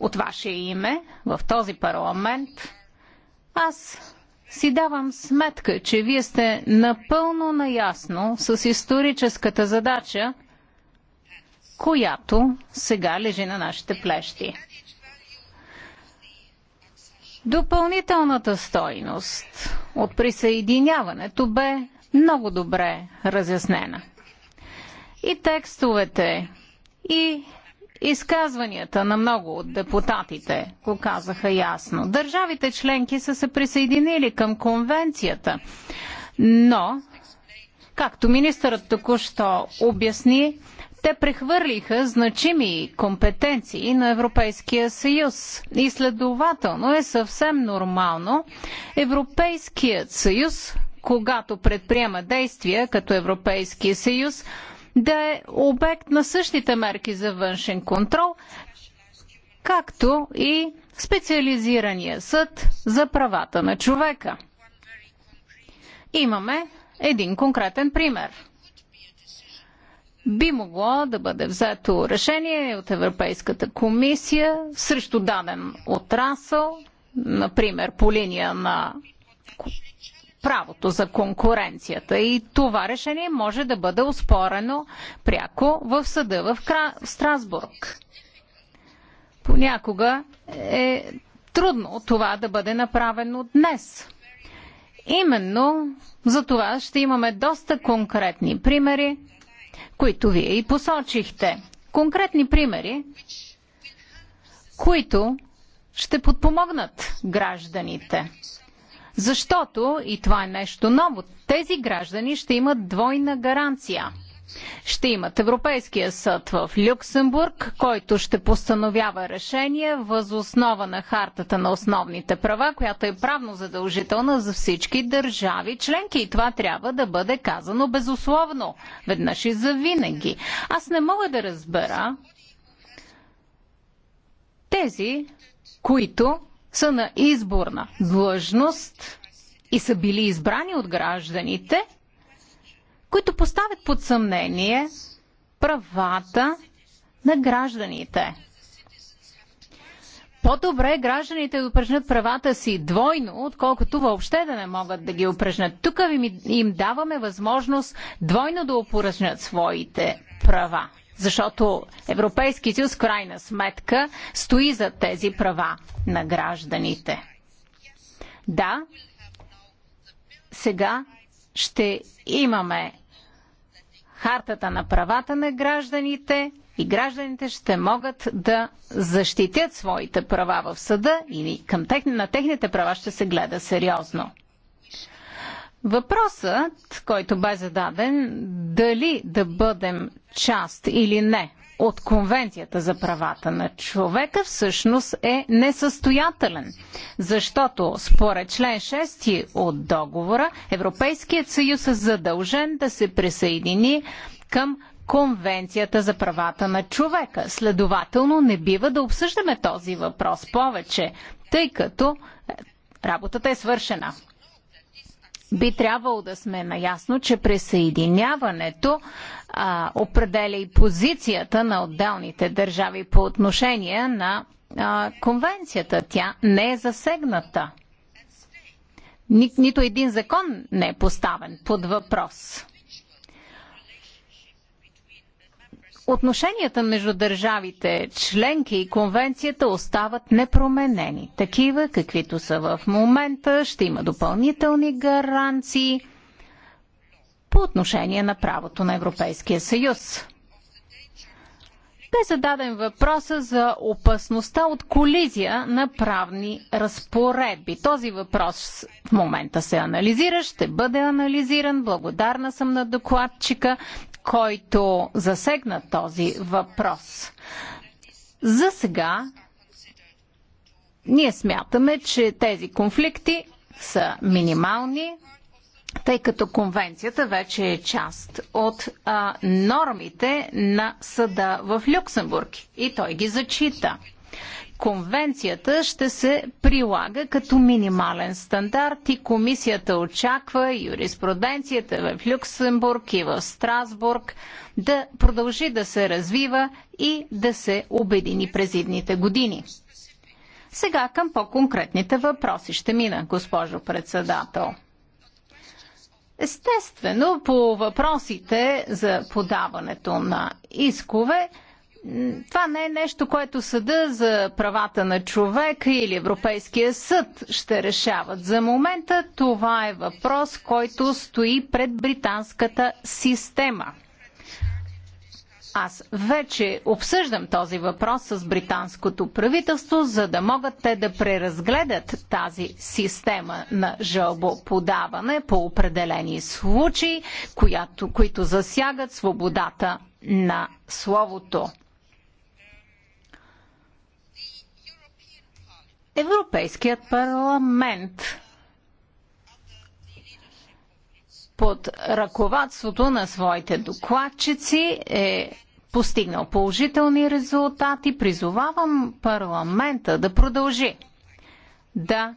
S7: от ваше име в този парламент, аз си давам сметка, че вие сте напълно наясно с историческата задача, която сега лежи на нашите плещи. Допълнителната стойност от присъединяването бе много добре разяснена. И текстовете, и Изказванията на много от депутатите го казаха ясно. Държавите членки са се присъединили към конвенцията, но, както министърът току-що обясни, те прехвърлиха значими компетенции на Европейския съюз и следователно е съвсем нормално Европейският съюз, когато предприема действия като Европейския съюз, да е обект на същите мерки за външен контрол, както и специализирания съд за правата на човека. Имаме един конкретен пример. Би могло да бъде взето решение от Европейската комисия срещу даден отрасъл, например по линия на правото за конкуренцията. И това решение може да бъде оспорено пряко в съда в Страсбург. Понякога е трудно това да бъде направено днес. Именно за това ще имаме доста конкретни примери, които вие и посочихте. Конкретни примери, които ще подпомогнат гражданите. Защото, и това е нещо ново, тези граждани ще имат двойна гаранция. Ще имат Европейския съд в Люксембург, който ще постановява решение въз основа на хартата на основните права, която е правно задължителна за всички държави членки. И това трябва да бъде казано безусловно, веднъж и завинаги. Аз не мога да разбера тези, които са на изборна длъжност и са били избрани от гражданите, които поставят под съмнение правата на гражданите. По-добре гражданите да упражнят правата си двойно, отколкото въобще да не могат да ги упражнят. Тук им, даваме възможност двойно да упражнят своите права защото Европейски съюз в крайна сметка стои за тези права на гражданите. Да, сега ще имаме хартата на правата на гражданите и гражданите ще могат да защитят своите права в съда и на техните права ще се гледа сериозно. Въпросът, който бе зададен, дали да бъдем част или не от Конвенцията за правата на човека, всъщност е несъстоятелен. Защото според член 6 от договора Европейският съюз е задължен да се присъедини към Конвенцията за правата на човека. Следователно не бива да обсъждаме този въпрос повече, тъй като е, работата е свършена би трябвало да сме наясно, че присъединяването а, определя и позицията на отделните държави по отношение на а, конвенцията. Тя не е засегната. Ни, нито един закон не е поставен под въпрос. Отношенията между държавите, членки и конвенцията остават непроменени. Такива, каквито са в момента, ще има допълнителни гаранции по отношение на правото на Европейския съюз. Бе зададен въпроса за опасността от колизия на правни разпоредби. Този въпрос в момента се анализира, ще бъде анализиран. Благодарна съм на докладчика който засегна този въпрос. За сега ние смятаме, че тези конфликти са минимални, тъй като конвенцията вече е част от а, нормите на съда в Люксембург и той ги зачита конвенцията ще се прилага като минимален стандарт и комисията очаква юриспруденцията в Люксембург и в Страсбург да продължи да се развива и да се обедини през идните години. Сега към по-конкретните въпроси ще мина, госпожо председател. Естествено, по въпросите за подаването на искове – това не е нещо, което съда за правата на човека или Европейския съд ще решават. За момента това е въпрос, който стои пред британската система. Аз вече обсъждам този въпрос с британското правителство, за да могат те да преразгледат тази система на жалбоподаване по определени случаи, която, които засягат свободата на словото. Европейският парламент под ръководството на своите докладчици е постигнал положителни резултати. Призовавам парламента да продължи да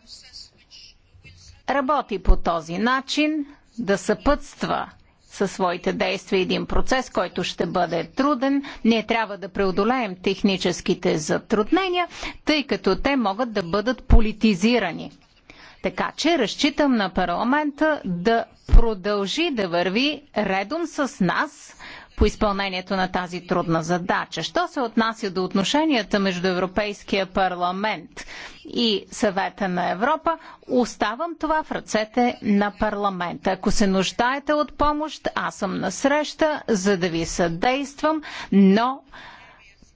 S7: работи по този начин, да съпътства със своите действия един процес, който ще бъде труден. Ние трябва да преодолеем техническите затруднения, тъй като те могат да бъдат политизирани. Така че разчитам на парламента да продължи да върви редом с нас по изпълнението на тази трудна задача. Що се отнася до отношенията между Европейския парламент и съвета на Европа, оставам това в ръцете на парламента. Ако се нуждаете от помощ, аз съм на среща, за да ви съдействам, но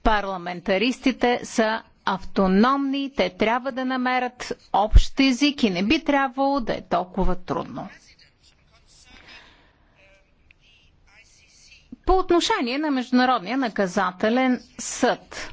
S7: парламентаристите са автономни, те трябва да намерят общ език и не би трябвало да е толкова трудно. По отношение на Международния наказателен съд,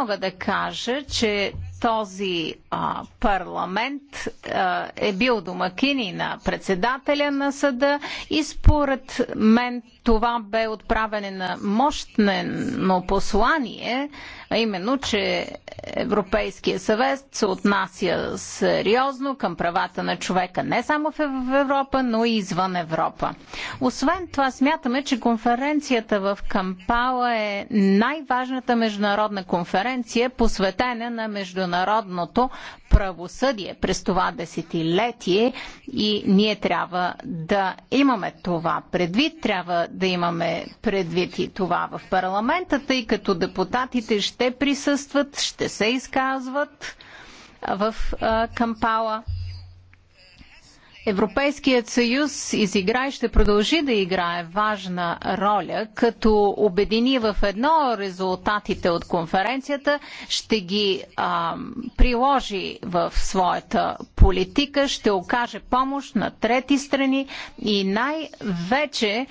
S7: мога да кажа, че този а, парламент а, е бил домакини на председателя на съда и според мен това бе отправене на мощно послание, а именно, че Европейския съвет се отнася сериозно към правата на човека не само в Европа, но и извън Европа. Освен това, смятаме, че конференцията в Кампала е най-важната международна конференция, посветена на международното правосъдие през това десетилетие и ние трябва да имаме това предвид, трябва да имаме предвид и това в парламента, тъй като депутатите ще присъстват, ще се изказват в Кампала Европейският съюз изигра и ще продължи да играе важна роля, като обедини в едно резултатите от конференцията, ще ги а, приложи в своята политика, ще окаже помощ на трети страни и най-вече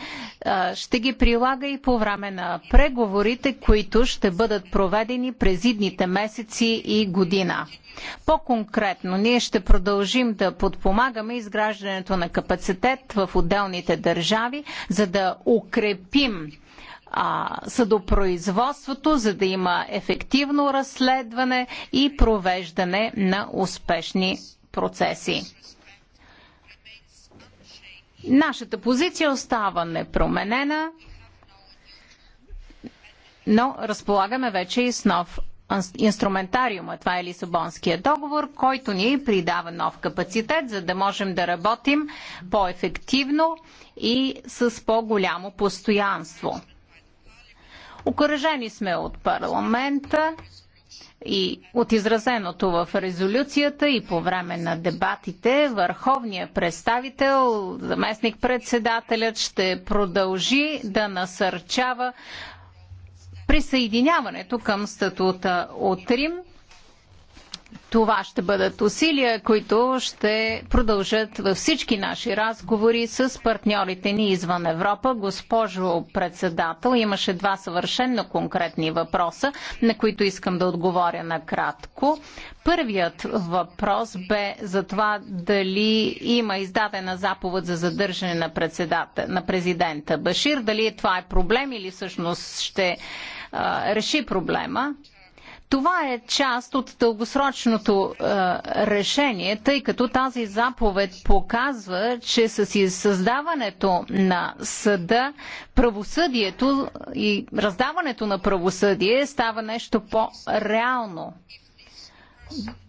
S7: ще ги прилага и по време на преговорите, които ще бъдат проведени през идните месеци и година. По-конкретно, ние ще продължим да подпомагаме изграждането на капацитет в отделните държави, за да укрепим а, съдопроизводството, за да има ефективно разследване и провеждане на успешни процеси. Нашата позиция остава непроменена, но разполагаме вече и с нов инструментариума. Това е Лисабонския договор, който ни придава нов капацитет, за да можем да работим по-ефективно и с по-голямо постоянство. Окоръжени сме от парламента и от изразеното в резолюцията и по време на дебатите, върховният представител, заместник председателят ще продължи да насърчава присъединяването към статута от Рим. Това ще бъдат усилия, които ще продължат във всички наши разговори с партньорите ни извън Европа. Госпожо председател, имаше два съвършенно конкретни въпроса, на които искам да отговоря накратко. Първият въпрос бе за това дали има издадена заповед за задържане на, на президента Башир, дали това е проблем или всъщност ще реши проблема. Това е част от дългосрочното е, решение, тъй като тази заповед показва, че с създаването на съда, правосъдието и раздаването на правосъдие става нещо по-реално.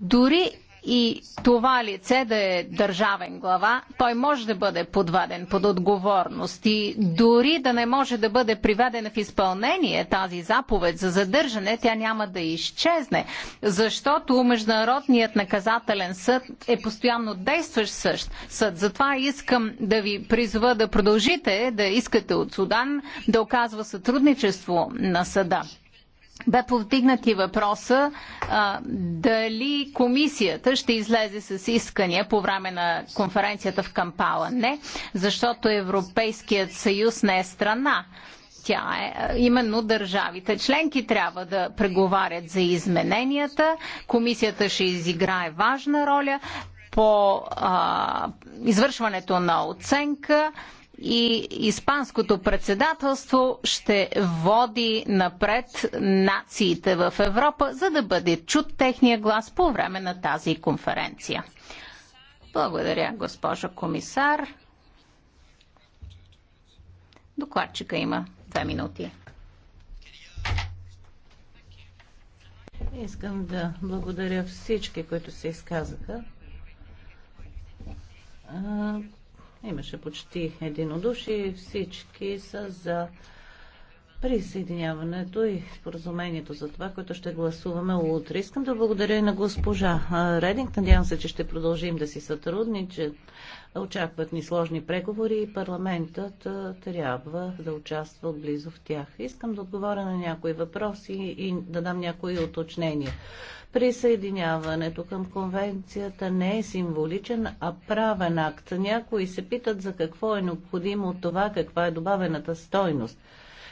S7: Дори и това лице да е държавен глава, той може да бъде подваден под отговорност и дори да не може да бъде приведена в изпълнение тази заповед за задържане, тя няма да изчезне, защото Международният наказателен съд е постоянно действащ същ съд. Затова искам да ви призова да продължите да искате от Судан да оказва сътрудничество на съда бе повдигнати въпроса а, дали комисията ще излезе с искания по време на конференцията в Кампала. Не, защото Европейският съюз не е страна. Тя е именно държавите членки трябва да преговарят за измененията. Комисията ще изиграе важна роля по а, извършването на оценка и Испанското председателство ще води напред нациите в Европа, за да бъде чут техния глас по време на тази конференция. Благодаря, госпожа комисар. Докладчика има две минути.
S6: Искам да благодаря всички, които се изказаха. Имаше почти единодушие. Всички са за присъединяването и споразумението за това, което ще гласуваме утре. Искам да благодаря и на госпожа Рединг. Надявам се, че ще продължим да си сътрудничим. Очакват ни сложни преговори и парламентът трябва да участва близо в тях. Искам да отговоря на някои въпроси и да дам някои уточнения. Присъединяването към конвенцията не е символичен, а правен акт. Някои се питат за какво е необходимо от това, каква е добавената стойност.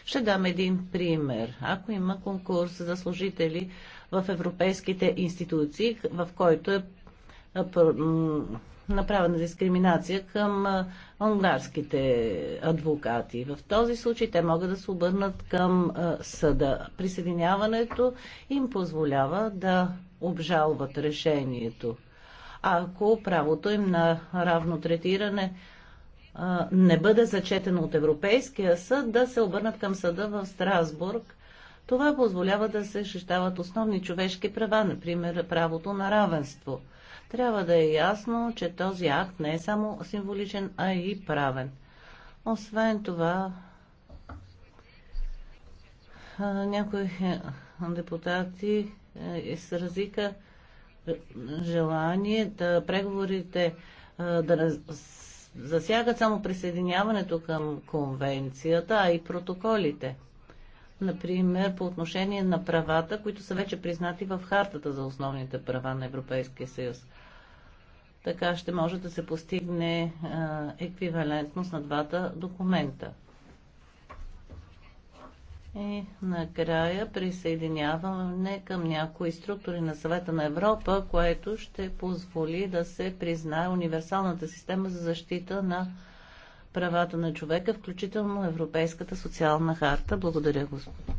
S6: Ще дам един пример. Ако има конкурс за служители в европейските институции, в който е направена дискриминация към унгарските адвокати. В този случай те могат да се обърнат към съда. Присъединяването им позволява да обжалват решението. Ако правото им на равно третиране не бъде зачетено от Европейския съд, да се обърнат към съда в Страсбург. Това позволява да се защитават основни човешки права, например правото на равенство – трябва да е ясно, че този акт не е само символичен, а и правен. Освен това, някои е, депутати е, изразиха желание да преговорите да засягат само присъединяването към конвенцията, а и протоколите. Например, по отношение на правата, които са вече признати в Хартата за основните права на Европейския съюз. Така ще може да се постигне еквивалентност на двата документа. И накрая присъединяваме към някои структури на съвета на Европа, което ще позволи да се признае универсалната система за защита на правата на човека, включително Европейската социална харта. Благодаря, господин.